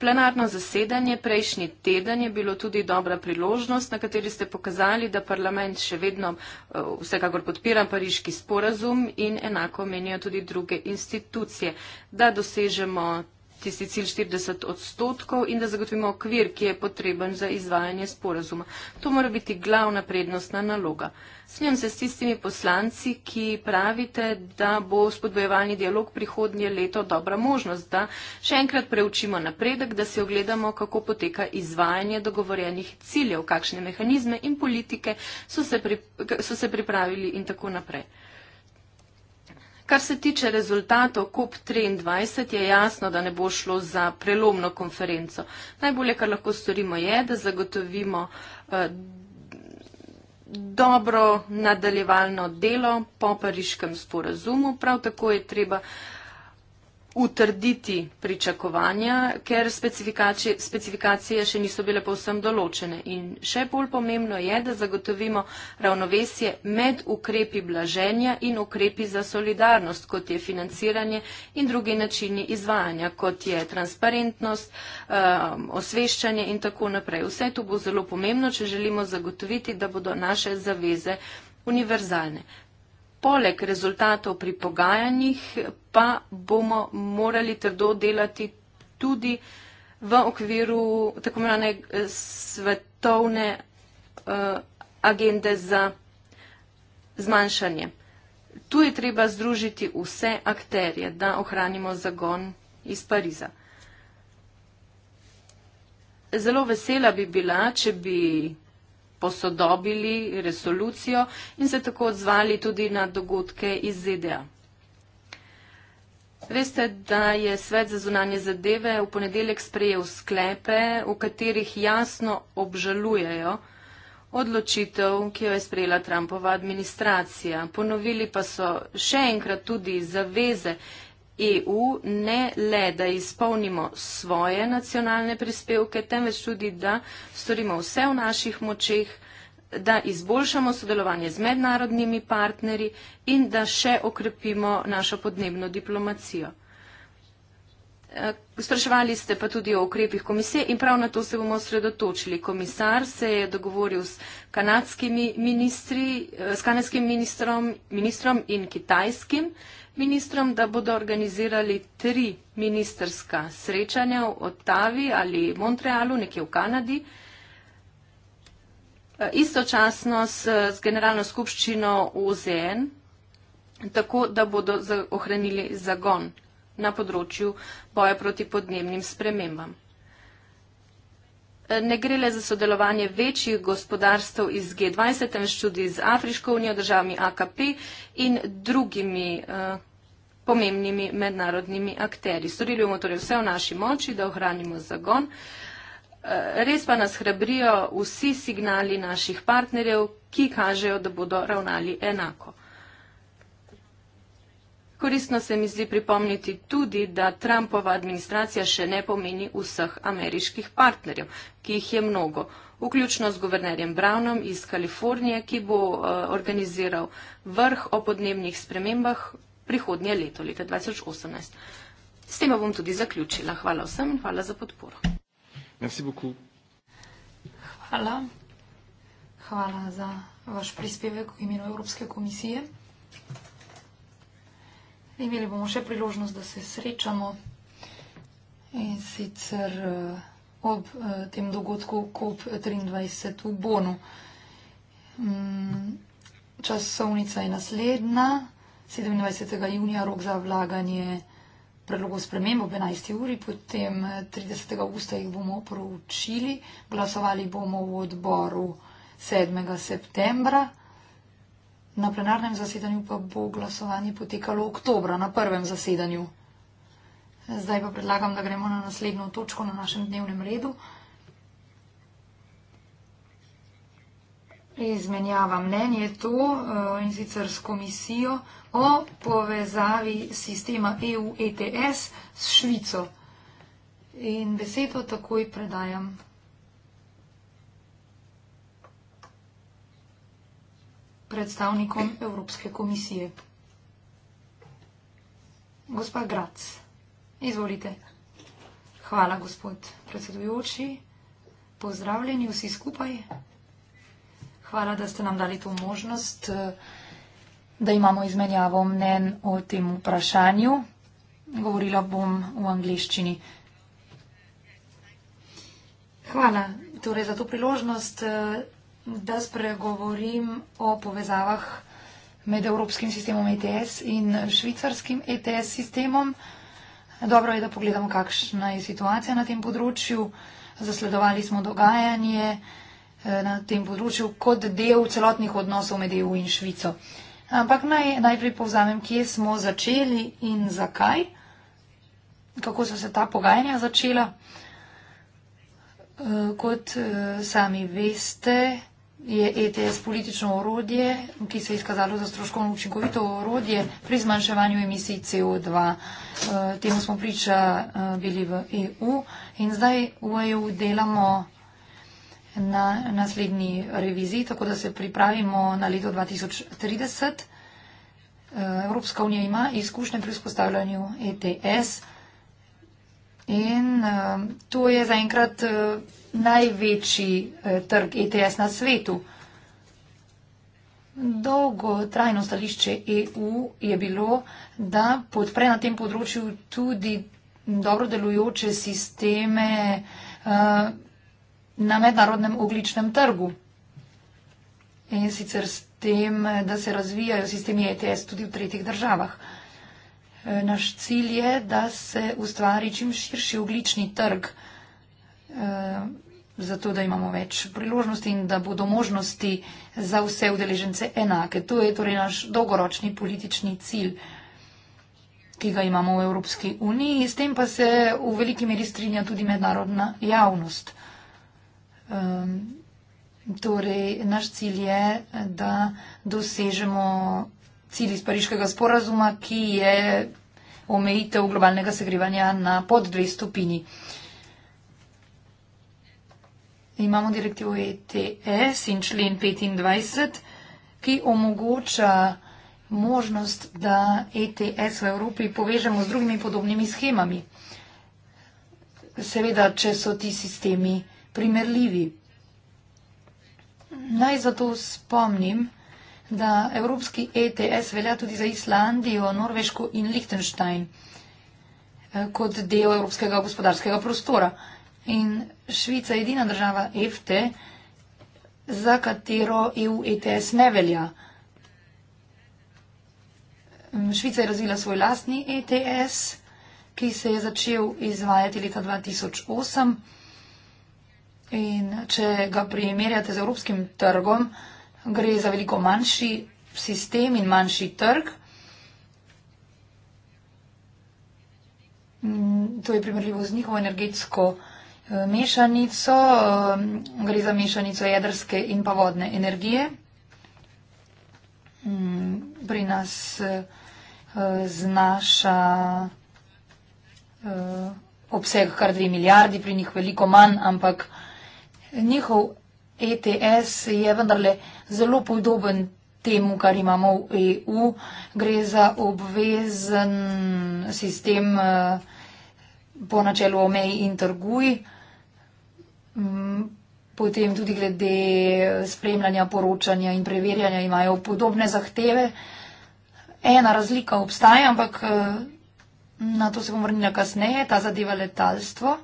Plenarno zasedanje prejšnji teden je bilo tudi dobra priložnost, na kateri ste pokazali, da parlament še vedno eh, vsekakor podpira pariški sporazum in enako menijo tudi druge institucije, da dosežemo tisti cilj 40 odstotkov in da zagotovimo okvir, ki je potreben za izvajanje sporazuma. To mora biti glavna prednostna naloga. Smejem se s tistimi poslanci, ki pravite, da bo spodbojevalni dialog prihodnje leto dobra možnost, da še enkrat preučimo napredek, da se ogledamo, kako poteka izvajanje dogovorjenih ciljev, kakšne mehanizme in politike so se, pri, so se pripravili in tako naprej. Kar se tiče rezultatov COP23, je jasno, da ne bo šlo za prelomno konferenco. Najbolje, kar lahko storimo, je, da zagotovimo eh, dobro nadaljevalno delo po pariškem sporazumu. Prav tako je treba utrditi pričakovanja, ker specifikacije še niso bile povsem določene. In še bolj pomembno je, da zagotovimo ravnovesje med ukrepi blaženja in ukrepi za solidarnost, kot je financiranje in drugi načini izvajanja, kot je transparentnost, um, osveščanje in tako naprej. Vse to bo zelo pomembno, če želimo zagotoviti, da bodo naše zaveze univerzalne. Poleg rezultatov pri pogajanjih pa bomo morali trdo delati tudi v okviru tako imenovane eh, svetovne uh, agende za zmanjšanje. Tu je treba združiti vse akterje, da ohranimo zagon iz Pariza. Zelo vesela bi bila, če bi posodobili resolucijo in se tako odzvali tudi na dogodke iz ZDA. Veste, da je Svet za zunanje zadeve v ponedeljek sprejel sklepe, v katerih jasno obžalujejo odločitev, ki jo je sprejela Trumpova administracija. Ponovili pa so še enkrat tudi zaveze, EU ne le, da izpolnimo svoje nacionalne prispevke, temveč tudi, da storimo vse v naših močeh, da izboljšamo sodelovanje z mednarodnimi partnerji in da še okrepimo našo podnebno diplomacijo. Eh, spraševali ste pa tudi o ukrepih komisije in prav na to se bomo osredotočili. Komisar se je dogovoril s kanadskimi ministri, eh, s kanadskim ministrom, ministrom in kitajskim ministrom, da bodo organizirali tri ministerska srečanja v Ottavi ali Montrealu, nekje v Kanadi. E, istočasno s, s generalno skupščino OZN, tako da bodo ohranili zagon na področju boja proti podnebnim spremembam ne gre le za sodelovanje večjih gospodarstv iz G20, temveč tudi z Afriško unijo, državami AKP in drugimi eh, pomembnimi mednarodnimi akteri. Storili bomo torej vse v naši moči, da ohranimo zagon. Eh, res pa nas hrabrijo vsi signali naših partnerjev, ki kažejo, da bodo ravnali enako. Koristno se mi zdi pripomniti tudi, da Trumpova administracija še ne pomeni vseh ameriških partnerjev, ki jih je mnogo, vključno z guvernerjem Brownom iz Kalifornije, ki bo uh, organiziral vrh o podnebnih spremembah prihodnje leto, leta 2018. S tem bom tudi zaključila. Hvala vsem in hvala za podporo. Merci beaucoup. Hvala. Hvala za vaš prispevek v imenu Evropske komisije. Imeli bomo še priložnost, da se srečamo in sicer eh, ob eh, tem dogodku COP23 v Bonu. Mm, časovnica je naslednja, 27. junija rok za vlaganje predlogov sprememb ob 11. uri, potem 30. Eh, augusta jih bomo proučili, glasovali bomo v odboru 7. septembra. Na plenarnem zasedanju pa bo glasovanje potekalo oktobra, na prvem zasedanju. Zdaj pa predlagam, da gremo na naslednjo točko na našem dnevnem redu. Izmenjava mnenje to eh, in sicer s komisijo o povezavi sistema EU-ETS s Švico. In besedo takoj predajam predstavnikom Evropske komisije. Gospa Grac, izvolite. Hvala, gospod predsedujoči. Pozdravljeni vsi skupaj. Hvala, da ste nam dali to možnost, da imamo izmenjavo mnen o tem vprašanju. Govorila bom v angliščini. Hvala torej, za to priložnost da spregovorim o povezavah med evropskim sistemom ETS in švicarskim ETS sistemom. Dobro je, da pogledamo, kakšna je situacija na tem področju. Zasledovali smo dogajanje eh, na tem področju kot del celotnih odnosov med EU in Švico. Ampak naj, najprej povzamem, kje smo začeli in zakaj, kako so se ta pogajanja začela. Eh, kot eh, sami veste, je ETS politično orodje, ki se je izkazalo za stroškovno učinkovito orodje pri zmanjševanju emisij CO2. Eh, temu smo priča eh, bili v EU in zdaj v EU delamo na naslednji reviziji, tako da se pripravimo na leto 2030. Eh, Evropska unija ima izkušnje pri vzpostavljanju ETS in to je zaenkrat največji eh, trg ETS na svetu. Dolgotrajno stališče EU je bilo, da podpre na tem področju tudi dobro delujoče sisteme eh, na mednarodnem ogličnem trgu. In sicer s tem, da se razvijajo sistemi ETS tudi v tretjih državah. Eh, naš cilj je, da se ustvari čim širši oglični trg. Eh, zato da imamo več priložnosti in da bodo možnosti za vse udeležence enake. To je torej naš dolgoročni politični cilj, ki ga imamo v Evropski uniji. S tem pa se v veliki meri strinja tudi mednarodna javnost. Ehm, torej, naš cilj je, da dosežemo cilj iz Pariškega sporazuma, ki je omejitev globalnega segrevanja na pod dve stopini imamo direktivo ETS in člen 25, ki omogoča možnost, da ETS v Evropi povežemo z drugimi podobnimi schemami. Seveda, če so ti sistemi primerljivi. Naj zato spomnim, da evropski ETS velja tudi za Islandijo, Norveško in Lichtenstein eh, kot del evropskega gospodarskega prostora. In Švica je edina država EFTE, za katero EU ETS ne velja. Mm, Švica je razvila svoj lastni ETS, ki se je začel izvajati leta 2008. In če ga primerjate z evropskim trgom, gre za veliko manjši sistem in manjši trg. Mm, to je primerljivo z njihovo energetsko mešanico, eh, gre za mešanico jedrske in pa vodne energije. Mm, pri nas eh, znaša eh, obseg kar 2 milijardi, pri njih veliko manj, ampak njihov ETS je vendarle zelo podoben temu, kar imamo v EU. Gre za obvezen sistem po načelu omej in trguj. Mm, potem tudi glede spremljanja, poročanja in preverjanja imajo podobne zahteve. Ena razlika obstaja, ampak eh, na to se bom vrnila kasneje, ta zadeva letalstvo.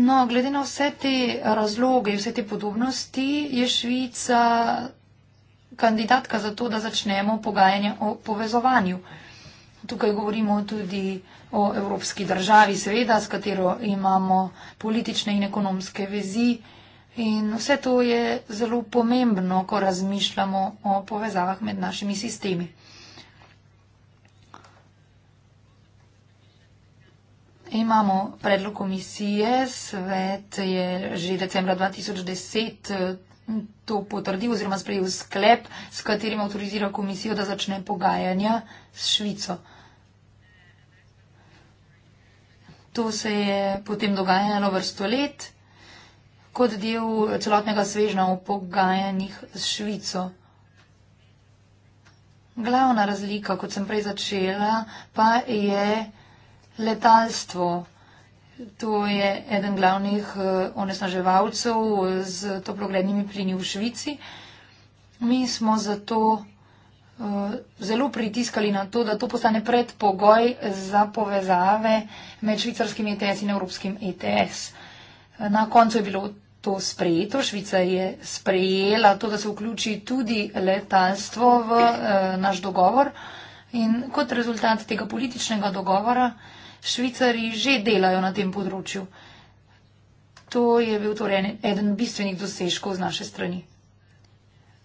No, glede na vse te razloge, vse te podobnosti, je Švica kandidatka za to, da začnemo pogajanje o povezovanju. Tukaj govorimo tudi o o evropski državi, seveda, s katero imamo politične in ekonomske vezi. In vse to je zelo pomembno, ko razmišljamo o povezavah med našimi sistemi. Imamo predlog komisije, svet je že decembra 2010 to potrdil oziroma sprejel sklep, s katerim avtorizira komisijo, da začne pogajanja s Švico. To se je potem dogajalo vrsto let kot del celotnega svežna v pogajanjih s Švico. Glavna razlika, kot sem prej začela, pa je letalstvo. To je eden glavnih eh, onesnaževalcev z toplogrednimi plini v Švici. Mi smo zato Eh, zelo pritiskali na to, da to postane predpogoj za povezave med švicarskim ETS in evropskim ETS. Eh, na koncu je bilo to sprejeto, Švica je sprejela to, da se vključi tudi letalstvo v eh, naš dogovor in kot rezultat tega političnega dogovora Švicari že delajo na tem področju. To je bil torej eden bistvenih dosežkov z naše strani.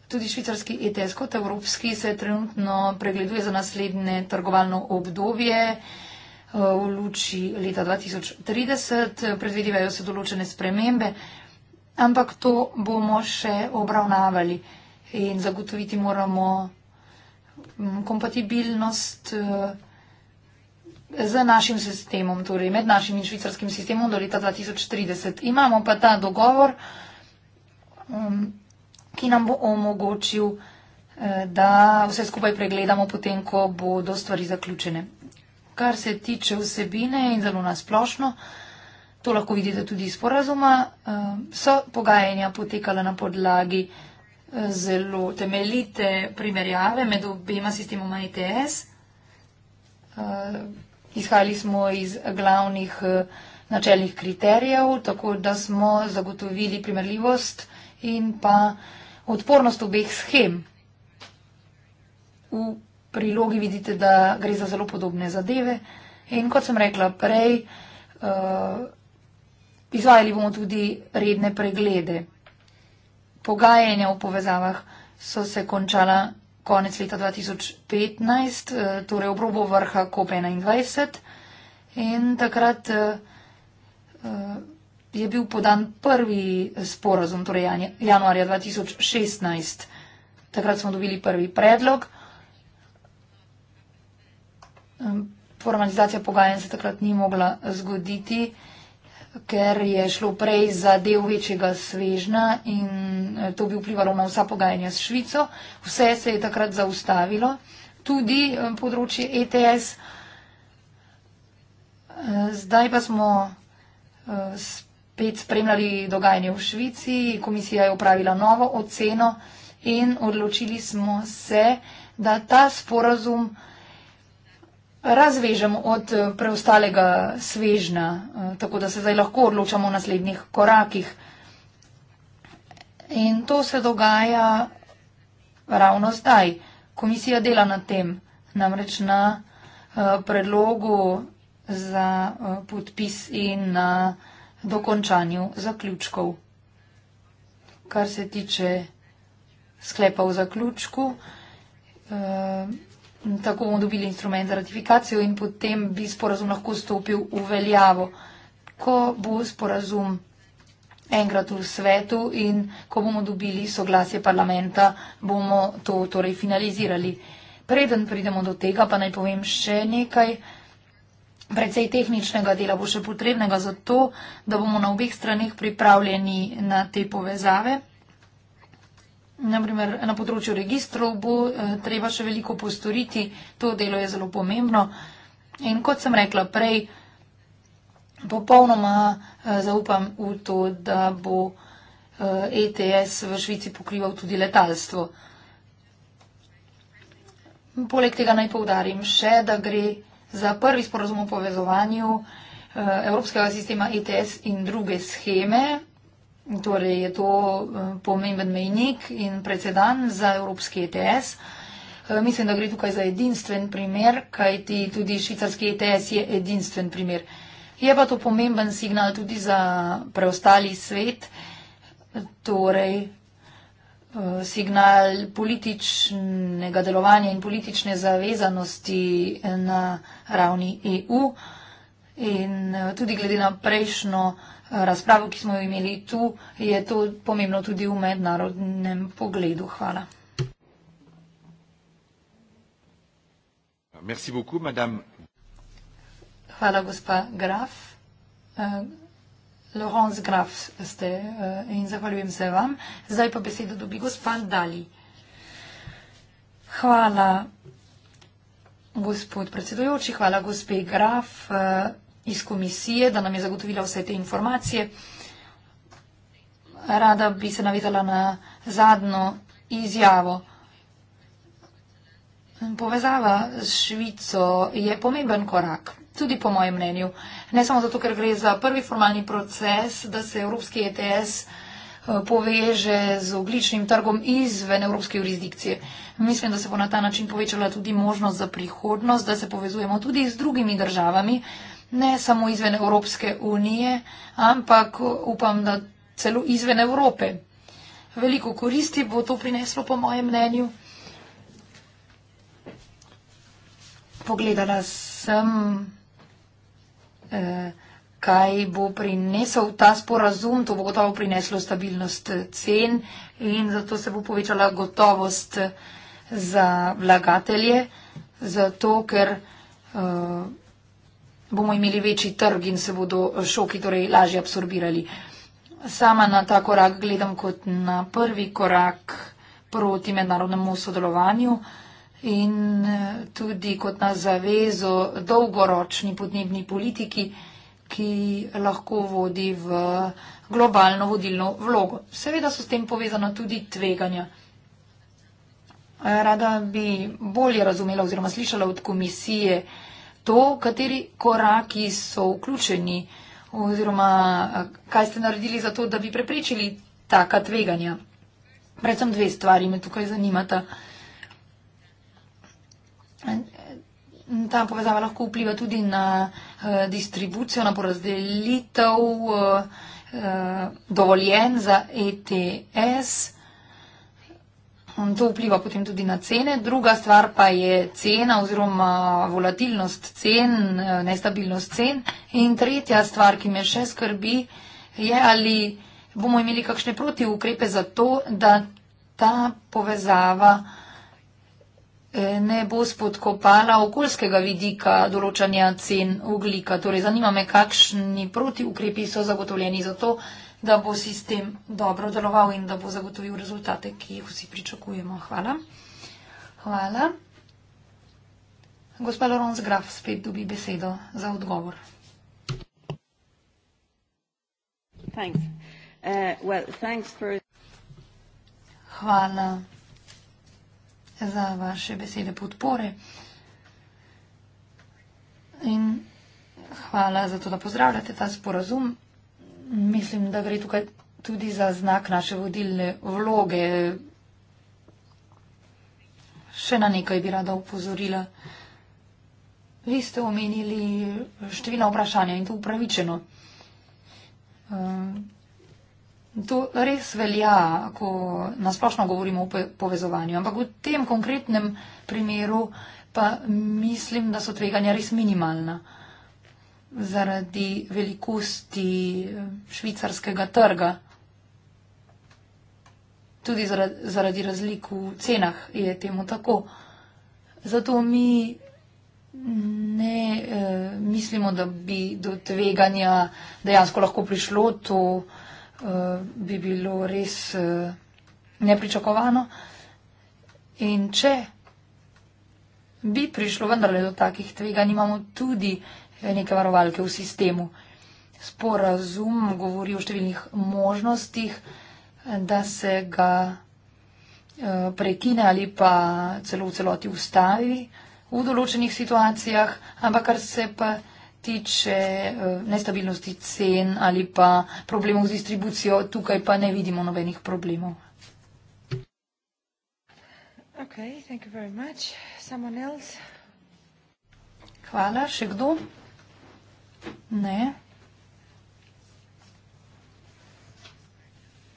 Tudi švicarski ETS kot evropski se trenutno pregleduje za naslednje trgovalno obdobje eh, v luči leta 2030. Predvidevajo se določene spremembe, ampak to bomo še obravnavali in zagotoviti moramo mm, kompatibilnost eh, z našim sistemom, torej med našim in švicarskim sistemom do leta 2030. Imamo pa ta dogovor. Mm, ki nam bo omogočil, eh, da vse skupaj pregledamo potem, ko bodo stvari zaključene. Kar se tiče vsebine in zelo nasplošno, to lahko vidite tudi iz porazuma, eh, so pogajanja potekala na podlagi eh, zelo temeljite primerjave med obema sistemoma ITS. E izhajali smo iz glavnih načelnih kriterijev, tako da smo zagotovili primerljivost in pa odpornost obeh schem. V prilogi vidite, da gre za zelo podobne zadeve. In kot sem rekla prej, eh, izvajali bomo tudi redne preglede. Pogajanja v povezavah so se končala konec leta 2015, eh, torej obrobo vrha COP21 in takrat eh, je bil podan prvi sporazum, torej januarja 2016. Takrat smo dobili prvi predlog. Formalizacija pogajanj se takrat ni mogla zgoditi, ker je šlo prej za del večjega svežna in eh, to bi vplivalo na vsa pogajanja s Švico. Vse se je takrat zaustavilo, tudi eh, področje ETS. Eh, zdaj pa smo s pet spremljali dogajanje v Švici, komisija je upravila novo oceno in odločili smo se, da ta sporazum razvežemo od eh, preostalega svežna, eh, tako da se zdaj lahko odločamo v naslednjih korakih. In to se dogaja ravno zdaj. Komisija dela na tem, namreč na eh, predlogu za podpis in na dokončanju zaključkov. Kar se tiče sklepa v zaključku, eh, tako bomo dobili instrument za ratifikacijo in potem bi sporazum lahko stopil v veljavo. Ko bo sporazum enkrat v svetu in ko bomo dobili soglasje parlamenta, bomo to torej finalizirali. Preden pridemo do tega, pa naj povem še nekaj. Predvsej tehničnega dela bo še potrebnega za to, da bomo na obeh stranih pripravljeni na te povezave. Naprimer, na področju registrov bo eh, treba še veliko postoriti, to delo je zelo pomembno. In kot sem rekla prej, popolnoma eh, zaupam v to, da bo ETS eh, e v Švici pokrival tudi letalstvo. Poleg tega naj povdarim še, da gre za prvi sporozum o povezovanju eh, evropskega sistema ETS in druge scheme. Torej je to eh, pomemben mejnik in predsedan za evropski ETS. Eh, mislim, da gre tukaj za edinstven primer, kajti tudi švicarski ETS je edinstven primer. Je pa to pomemben signal tudi za preostali svet, torej Eh, signal političnega delovanja in politične zavezanosti na ravni EU. In eh, tudi glede na prejšnjo eh, razpravo, ki smo jo imeli tu, je to pomembno tudi v mednarodnem pogledu. Hvala. Merci beaucoup, Hvala, gospa Graf. Laurence Graf ste eh, in zahvaljujem se vam. Zdaj pa besedo dobi gospod Dali. Hvala, gospod predsedujoči, hvala gospe Graf eh, iz komisije, da nam je zagotovila vse te informacije. Rada bi se navedala na zadnjo izjavo. Povezava s Švico je pomemben korak. Tudi po mojem mnenju. Ne samo zato, ker gre za prvi formalni proces, da se evropski ETS eh, poveže z ogličnim trgom izven evropske jurisdikcije. Mislim, da se bo na ta način povečala tudi možnost za prihodnost, da se povezujemo tudi z drugimi državami, ne samo izven Evropske unije, ampak upam, da celo izven Evrope. Veliko koristi bo to prineslo, po mojem mnenju. Pogledala sem Eh, kaj bo prinesel ta sporazum, to bo gotovo prineslo stabilnost eh, cen in zato se bo povečala gotovost eh, za vlagatelje, zato ker bomo imeli večji trg in se bodo šoki torej lažje absorbirali. Sama na ta korak gledam kot na prvi korak proti mednarodnemu sodelovanju in eh, tudi kot na zavezo dolgoročni podnebni politiki, ki lahko vodi v globalno vodilno vlogo. Seveda so s tem povezana tudi tveganja. Rada bi bolje razumela oziroma slišala od komisije to, kateri koraki so vključeni oziroma eh, kaj ste naredili za to, da bi preprečili taka tveganja. Predvsem dve stvari me tukaj zanimata. Ta povezava lahko vpliva tudi na eh, distribucijo, na porazdelitev eh, eh, dovoljen za ETS. To vpliva potem tudi na cene. Druga stvar pa je cena oziroma volatilnost cen, nestabilnost cen. In tretja stvar, ki me še skrbi, je, ali bomo imeli kakšne protiukrepe za to, da ta povezava. E, ne bo spodkopala okoljskega vidika določanja cen oglika. Torej, zanima me, kakšni protiukrepi so zagotovljeni za to, da bo sistem dobro deloval in da bo zagotovil rezultate, ki jih vsi pričakujemo. Hvala. Hvala. Gospa Lorenz Graf spet dobi besedo za odgovor. Thanks. Uh, well, thanks for... Hvala za vaše besede podpore. In hvala za to, da pozdravljate ta sporazum. Mislim, da gre tukaj tudi za znak naše vodilne vloge. Še na nekaj bi rada upozorila. Vi ste omenili številna vprašanja in to upravičeno. Ehm, To res velja, ko nasplošno govorimo o povezovanju, ampak v tem konkretnem primeru pa mislim, da so tveganja res minimalna zaradi velikosti eh, švicarskega trga. Tudi zaradi, zaradi razlik v cenah je temu tako. Zato mi ne eh, mislimo, da bi do tveganja dejansko lahko prišlo to bi bilo res eh, nepričakovano. In če bi prišlo vendarle do takih tveganj, imamo tudi eh, neke varovalke v sistemu. Sporazum govori o številnih možnostih, da se ga eh, prekine ali pa celo v celoti ustavi v določenih situacijah, ampak kar se pa tiče eh, nestabilnosti cen ali pa problemov z distribucijo, tukaj pa ne vidimo nobenih problemov. Okay, thank you very much. Someone else? Hvala, še kdo? Ne.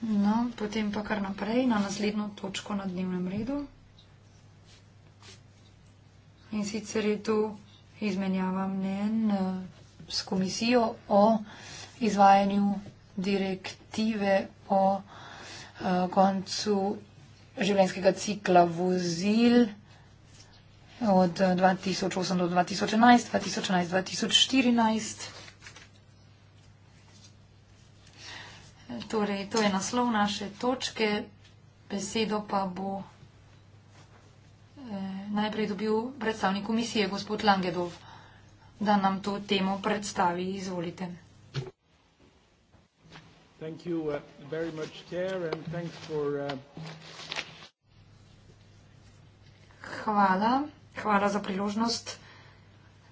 No, potem pa kar naprej na naslednjo točko na dnevnem redu. In sicer je tu. To izmenjava mnen eh, s komisijo o izvajanju direktive o eh, koncu življenjskega cikla vozil od 2008 eh, do 2011, 2011-2014. Torej, to je naslov naše točke, besedo pa bo. Eh, najprej dobil predstavnik komisije, gospod Langedov, da nam to temo predstavi. Izvolite. Thank you uh, very much, Chair, and thanks for. Uh... Hvala. Hvala za priložnost,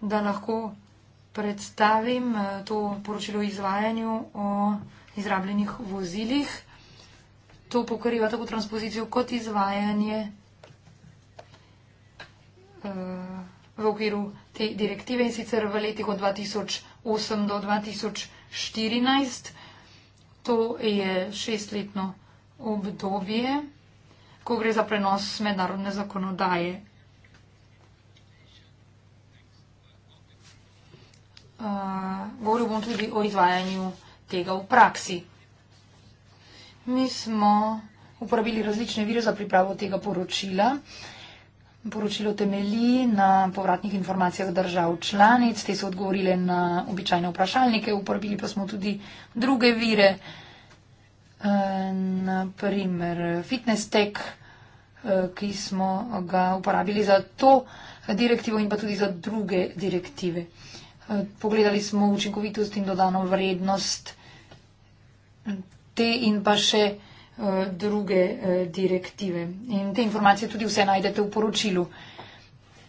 da lahko predstavim uh, to poročilo o izvajanju o izrabljenih vozilih. To pokriva tako transpozicijo kot izvajanje Eh, v okviru te direktive in sicer v letih od 2008 do 2014. To je šestletno obdobje, ko gre za prenos mednarodne zakonodaje. Uh, govoril bom tudi o izvajanju tega v praksi. Mi smo uporabili različne vire za pripravo tega poročila. Uh, Poročilo temelji na povratnih informacijah držav članic, te so odgovorile na običajne vprašalnike, uporabili pa smo tudi druge vire, e, naprimer fitness tech, e, ki smo ga uporabili za to direktivo in pa tudi za druge direktive. E, pogledali smo učinkovitost in dodano vrednost te in pa še. Eh, druge eh, direktive. In te informacije tudi vse najdete v poročilu.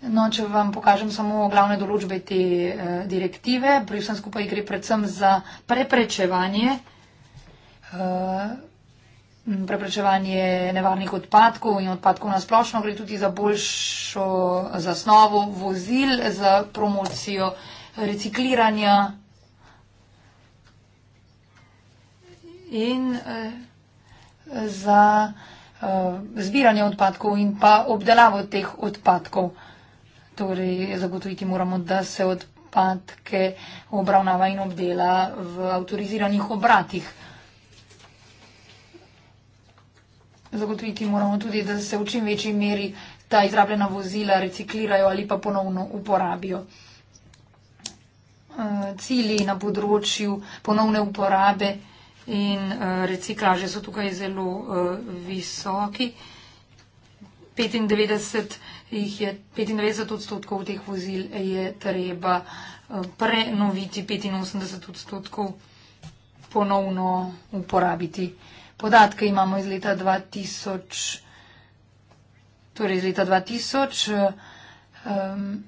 No, če vam pokažem samo glavne določbe te eh, direktive, pri vsem skupaj gre predvsem za preprečevanje, preprečevanje nevarnih odpadkov in odpadkov na splošno, gre tudi za boljšo zasnovo vozil, za promocijo recikliranja. In, eh, za eh, zbiranje odpadkov in pa obdelavo teh odpadkov. Torej, zagotoviti moramo, da se odpadke obravnava in obdela v avtoriziranih obratih. Zagotoviti moramo tudi, da se v čim večji meri ta izrabljena vozila reciklirajo ali pa ponovno uporabijo. Eh, cilji na področju ponovne uporabe in eh, reciklaže so tukaj zelo eh, visoki. 95, jih je, 95 odstotkov teh vozil je treba eh, prenoviti, 85 odstotkov ponovno uporabiti. Podatke imamo iz leta 2000, torej iz leta 2000. Um,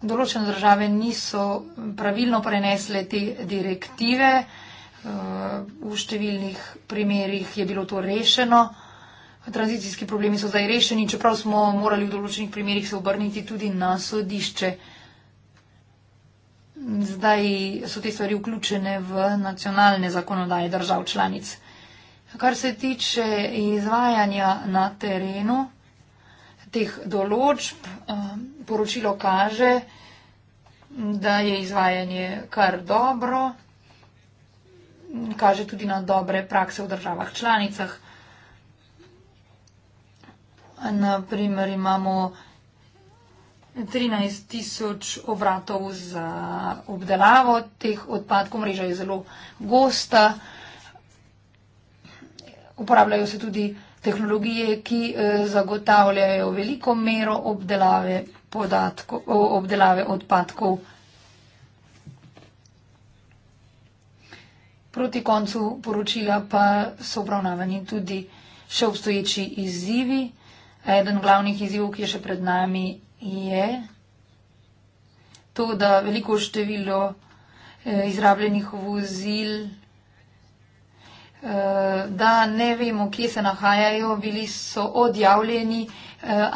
določene države niso pravilno prenesle te direktive. Uh, Eh, v številnih primerjih je bilo to rešeno. Tranzicijski problemi so zdaj rešeni, čeprav smo morali v določenih primerjih se obrniti tudi na sodišče. Zdaj so te stvari vključene v nacionalne zakonodaje držav članic. Kar se tiče izvajanja na terenu teh določb, eh, poročilo kaže, da je izvajanje kar dobro kaže tudi na dobre prakse v državah članicah. Naprimer imamo 13 tisoč obratov za obdelavo teh odpadkov, mreža je zelo gosta. Uporabljajo se tudi tehnologije, ki eh, zagotavljajo veliko mero obdelave, podatko, obdelave odpadkov. Proti koncu poročila pa so obravnavani tudi še obstoječi izzivi. Eden glavnih izzivov, ki je še pred nami, je to, da veliko število eh, izrabljenih vozil, eh, da ne vemo, kje se nahajajo, bili so odjavljeni, eh,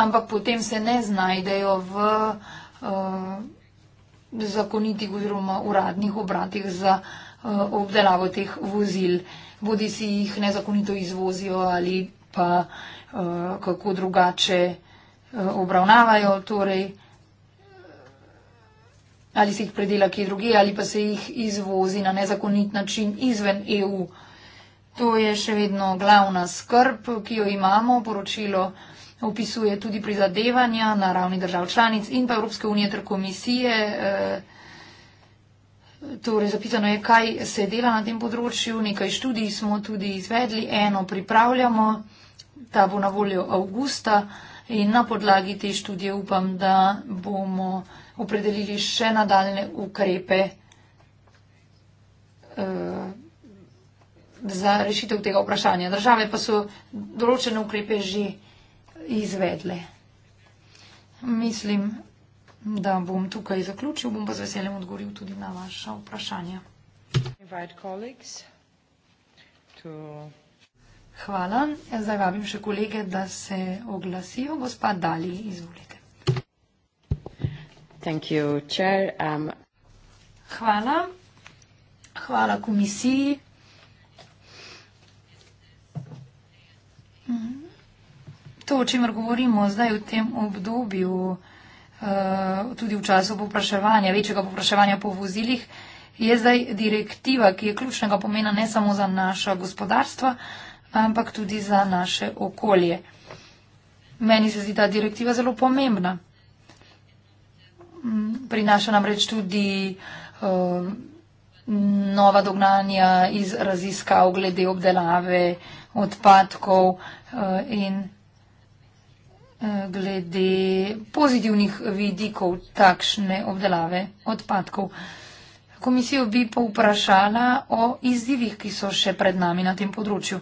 ampak potem se ne znajdejo v zakonitih oziroma uradnih obratih za vozil uh, obdelavo teh vozil, bodi si jih nezakonito izvozijo ali pa uh, kako drugače uh, obravnavajo, torej ali se jih predela kje druge ali pa se jih izvozi na nezakonit način izven EU. To je še vedno glavna skrb, ki jo imamo. Poročilo opisuje tudi prizadevanja na ravni držav članic in pa Evropske unije ter komisije. Uh, Torej, zapisano je, kaj se dela na tem področju. Nekaj študij smo tudi izvedli, eno pripravljamo, ta bo na voljo avgusta in na podlagi te študije upam, da bomo opredelili še nadaljne ukrepe uh, za rešitev tega vprašanja. Države pa so določene ukrepe že izvedle. Mislim, da bom tukaj zaključil, bom pa z veseljem odgovoril tudi na vaše vprašanje. Hvala. Zdaj vabim še kolege, da se oglasijo. Gospa Dali, izvolite. Thank you, chair. Um... Hvala. Hvala komisiji. To, o čemer govorimo zdaj v tem obdobju, Eh, tudi v času popraševanja, večjega popraševanja po vozilih, je zdaj direktiva, ki je ključnega pomena ne samo za naša gospodarstva, ampak tudi za naše okolje. Meni se zdi ta direktiva zelo pomembna. Mm, prinaša namreč tudi uh, nova dognanja iz raziskav glede obdelave odpadkov uh, in glede pozitivnih vidikov takšne obdelave odpadkov. Komisijo bi pa vprašala o izzivih, ki so še pred nami na tem področju.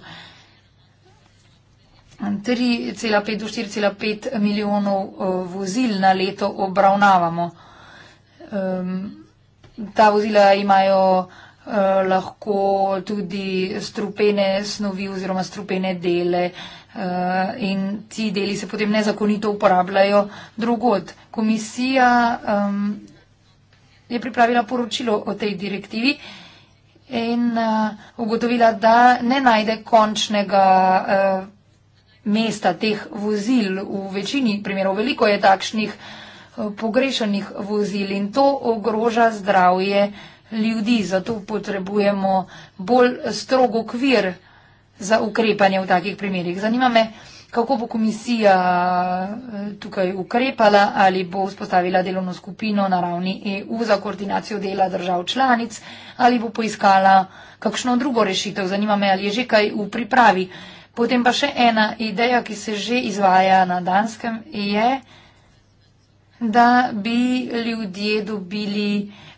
3,5 do 4,5 milijonov eh, vozil na leto obravnavamo. Ta vozila imajo Eh, lahko tudi strupene snovi oziroma strupene dele eh, in ti deli se potem nezakonito uporabljajo drugod. Komisija um, je pripravila poročilo o tej direktivi in uh, ugotovila, da ne najde končnega uh, mesta teh vozil v večini primerov. Veliko je takšnih uh, pogrešanih vozil in to ogroža zdravje uh, ljudi, zato potrebujemo bolj strog okvir za ukrepanje v takih primerjih. Zanima me, kako bo komisija eh, tukaj ukrepala ali bo spostavila delovno skupino na ravni EU za koordinacijo dela držav članic ali bo poiskala kakšno drugo rešitev. Zanima me, ali je že kaj v pripravi. Potem pa še ena ideja, ki se že izvaja na danskem, je, da bi ljudje dobili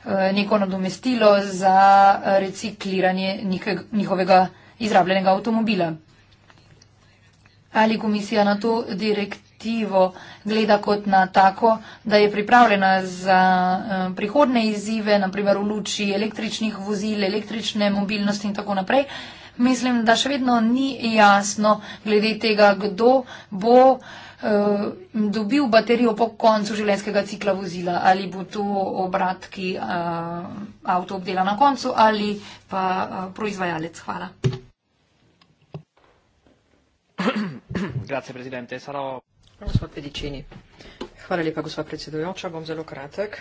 Eh, neko nadomestilo za recikliranje njihovega izrabljenega avtomobila. Ali komisija na to direktivo gleda kot na tako, da je pripravljena za eh, prihodne izzive, naprimer v luči električnih vozil, električne mobilnosti in tako naprej, mislim, da še vedno ni jasno glede tega, kdo bo uh, Eh, dobil baterijo po koncu življenjskega cikla vozila. Ali bo to obrat, ki uh, avto obdela na koncu, ali pa uh, proizvajalec. Hvala. (coughs) Hvala lepa, gospa predsedujoča. Bom zelo kratek.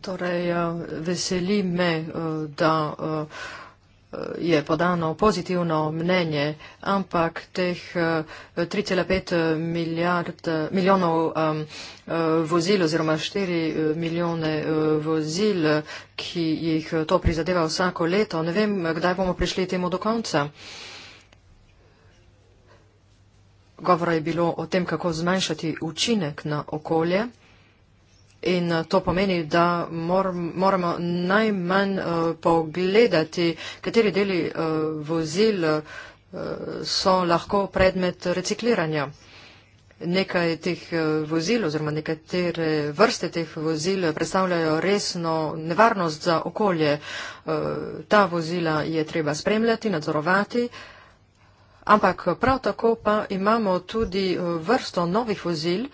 Torej, veseli me, da Eh, je podano pozitivno mnenje, ampak teh 3,5 eh, eh, milijard, milijonov um, vozil oziroma 4 milijone vozil, ki jih to prizadeva vsako leto, ne vem, kdaj bomo prišli temu do konca. Govora je bilo o tem, kako zmanjšati učinek na okolje. In eh, to pomeni, da mor, moramo najmanj uh, pogledati, kateri deli uh, vozil uh, so lahko predmet recikliranja. Nekaj teh vozil oziroma nekatere vrste teh vozil predstavljajo resno nevarnost za okolje. Ta vozila je treba spremljati, nadzorovati, ampak prav tako pa imamo tudi vrsto novih vozil,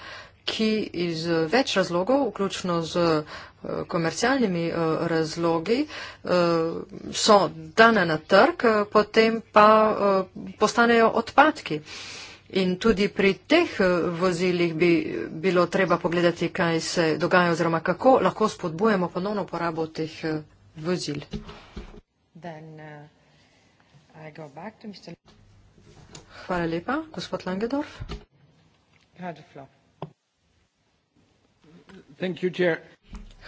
ki iz več razlogov, vključno z eh, komercialnimi eh, razlogi, eh, so dane na trg, potem pa postanejo odpadki. In tudi pri teh vozilih bi bilo treba pogledati, kaj se dogaja oziroma kako lahko spodbujemo ponovno uporabo teh vozil. Then, uh, Hvala lepa, gospod Langedorf. Hvala lepa.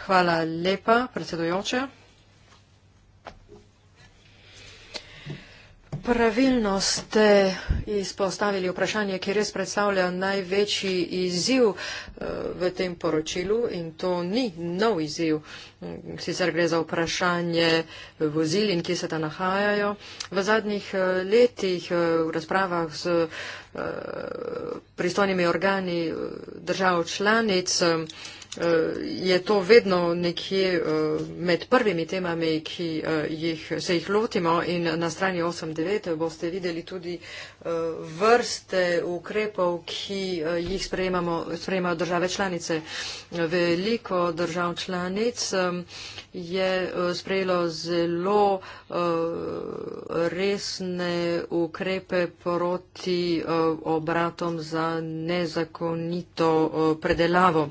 Hvala lepa, predsedujoča. Pravilno ste izpostavili vprašanje, ki res predstavlja največji izziv eh, v tem poročilu in to ni nov izziv. Mm, sicer gre za vprašanje vozil in kje se ta nahajajo. V zadnjih eh, letih eh, v razpravah z pristojnimi organi držav članic Eh, je to vedno nekje eh, med prvimi temami, ki eh, jih, se jih lotimo in na strani 8.9 boste videli tudi vrste ukrepov, ki jih sprejemajo države članice. Veliko držav članic je sprejelo zelo resne ukrepe proti obratom za nezakonito predelavo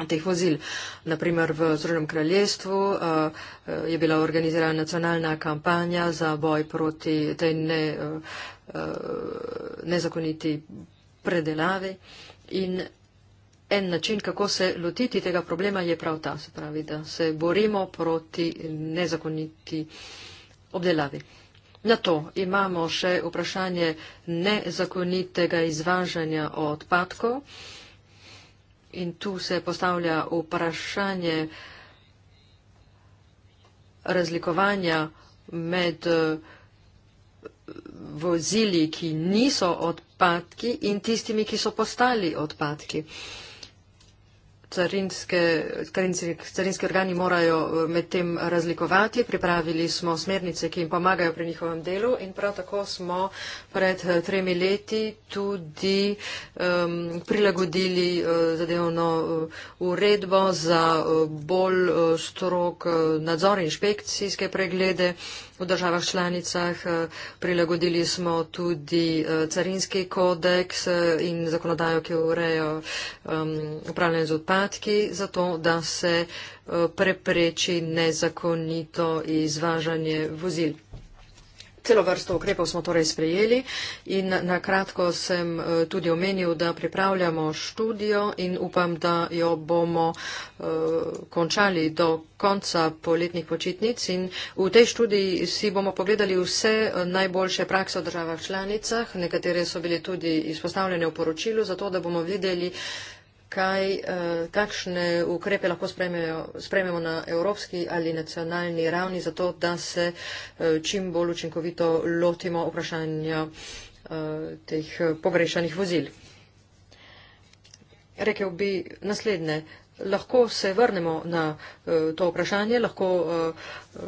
teh vozil. Naprimer v Združenem kraljestvu uh, je bila organizirana nacionalna kampanja za boj proti tej ne, uh, nezakoniti predelavi in en način, kako se lotiti tega problema, je prav ta, se pravi, da se borimo proti nezakoniti obdelavi. Na to imamo še vprašanje nezakonitega izvažanja odpadkov. Uh, In tu se postavlja vprašanje razlikovanja med eh, vozili, ki niso odpadki in tistimi, ki so postali odpadki carinske, carinske, carinske organi morajo eh, med tem razlikovati. Pripravili smo smernice, ki jim pomagajo pri njihovem delu in prav tako smo pred eh, tremi leti tudi um, prilagodili uh, zadevno uh, uredbo za uh, bolj uh, strok uh, nadzor inšpekcijske preglede v državah članicah. Uh, prilagodili smo tudi uh, carinski kodeks uh, in zakonodajo, ki urejo um, upravljanje z odpadki podatki za to, da se eh, prepreči nezakonito izvažanje vozil. Celo vrsto ukrepov smo torej sprejeli in nakratko sem eh, tudi omenil, da pripravljamo študijo in upam, da jo bomo eh, končali do konca poletnih počitnic in v tej študiji si bomo pogledali vse najboljše prakse v državah članicah, nekatere so bile tudi izpostavljene v poročilu, zato da bomo videli, kaj, eh, kakšne ukrepe lahko sprejmemo na evropski ali nacionalni ravni, zato da se eh, čim bolj učinkovito lotimo vprašanja eh, teh pogrešanih vozil. Rekel bi naslednje lahko se vrnemo na eh, to vprašanje, lahko eh, eh,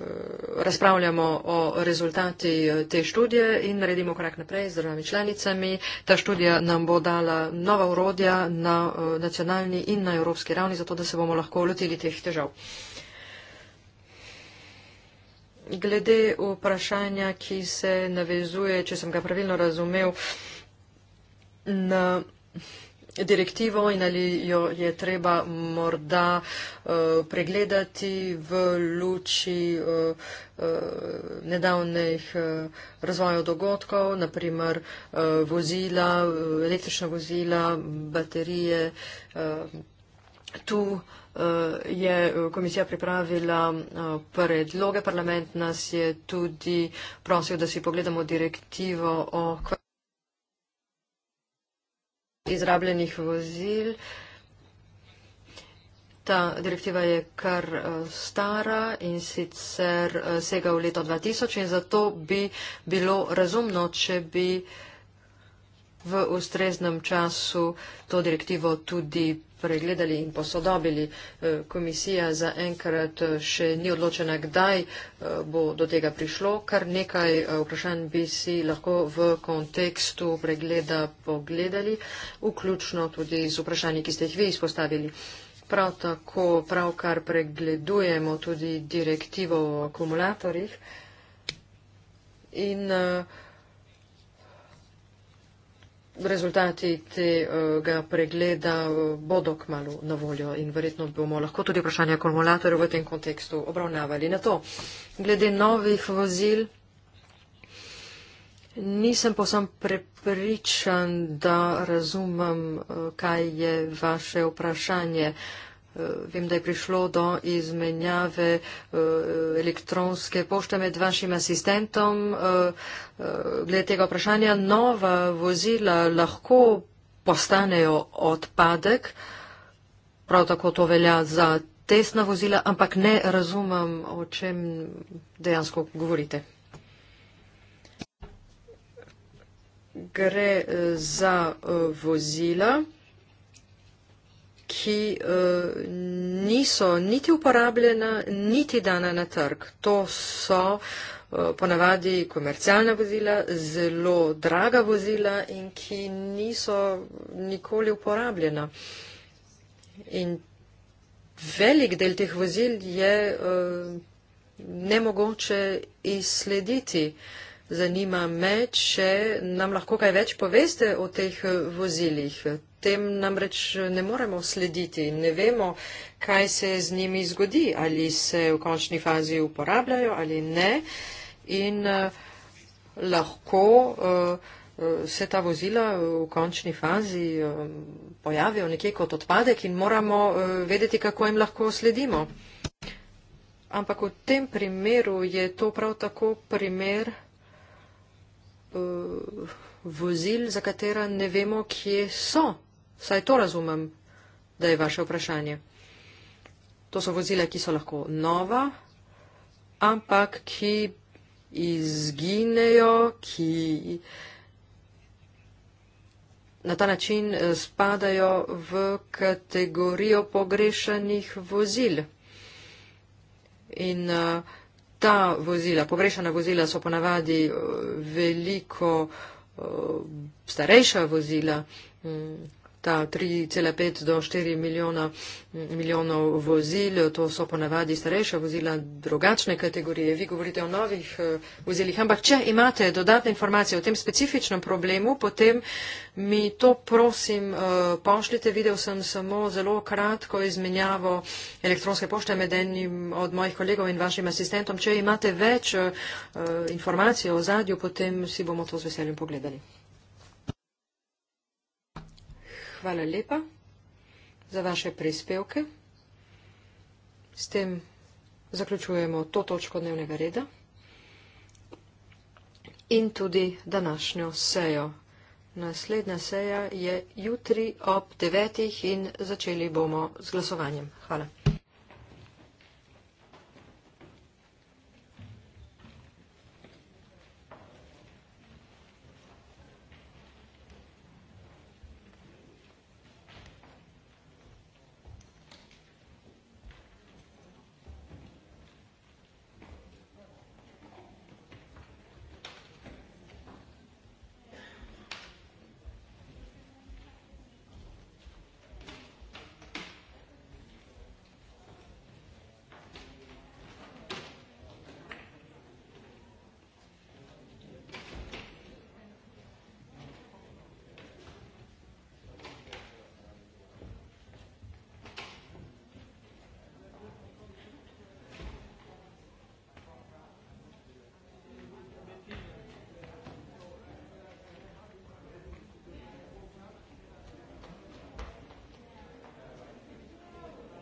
razpravljamo o rezultati te študije in naredimo korak naprej z državami članicami. Ta študija nam bo dala nova urodja na nacionalni in na evropski ravni, zato da se bomo lahko lotili teh težav. Glede vprašanja, ki se navezuje, če sem ga pravilno razumel, na direktivo in ali jo je treba morda eh, pregledati v luči eh, eh, nedavnih razvojev dogodkov, naprimer vozila, električna vozila, baterije. Tu je komisija pripravila predloge, parlament nas je tudi prosil, da si pogledamo direktivo o kvalitetu izrabljenih vozil. Ta direktiva je kar eh, stara in sicer eh, sega v leto 2000 in zato bi bilo razumno, če bi v ustreznem času to direktivo tudi pregledali in posodobili. Eh, komisija za enkrat eh, še ni odločena, kdaj eh, bo do tega prišlo. Kar nekaj vprašanj bi si lahko v kontekstu pregleda pogledali, vključno tudi z vprašanji, ki ste jih vi izpostavili. Prav tako pravkar pregledujemo tudi direktivo o akumulatorjih. In uh, Rezultati tega pregleda bodo k malu na voljo in verjetno bomo lahko tudi vprašanje akumulatorjev v tem kontekstu obravnavali. Na to, glede novih vozil, nisem posem prepričan, da razumem, kaj je vaše vprašanje. Uh, Eh, vem, da je prišlo do izmenjave eh, elektronske pošte med vašim asistentom. Eh, glede tega vprašanja, nova vozila lahko postanejo odpadek, prav tako to velja za tesna vozila, ampak ne razumem, o čem dejansko govorite. Gre za vozila ki uh, niso niti uporabljena, niti dana na trg. To so uh, ponavadi komercialna vozila, zelo draga vozila in ki niso nikoli uporabljena. In velik del teh vozil je uh, nemogoče izslediti. Zanima me, če nam lahko kaj več poveste o teh vozilih tem namreč ne moremo slediti in ne vemo, kaj se z njimi zgodi, ali se v končni fazi uporabljajo ali ne. In eh, lahko eh, se ta vozila v končni fazi eh, pojavijo nekje kot odpadek in moramo vedeti, kako jim lahko sledimo. Ampak v tem primeru je to prav tako primer vozil, za katera ne vemo, kje so. Vsaj to razumem, da je vaše vprašanje. To so vozila, ki so lahko nova, ampak ki izginejo, ki na ta način eh, spadajo v kategorijo pogrešanih vozil. In eh, ta vozila, pogrešana vozila so ponavadi eh, veliko starejša vozila, mm, ta 3,5 do 4 milijona, milijonov vozil, to so ponavadi starejša vozila, drugačne kategorije. Vi govorite o novih eh, vozilih, ampak če imate dodatne informacije o tem specifičnem problemu, potem mi to prosim eh, pošljite. Videl sem samo zelo kratko izmenjavo elektronske pošte med enim od mojih kolegov in vašim asistentom. Če imate več eh, informacij o zadju, potem si bomo to z veseljem pogledali hvala lepa za vaše prispevke. S tem zaključujemo to točko dnevnega reda in tudi današnjo sejo. Naslednja seja je jutri ob devetih in začeli bomo z glasovanjem. Hvala.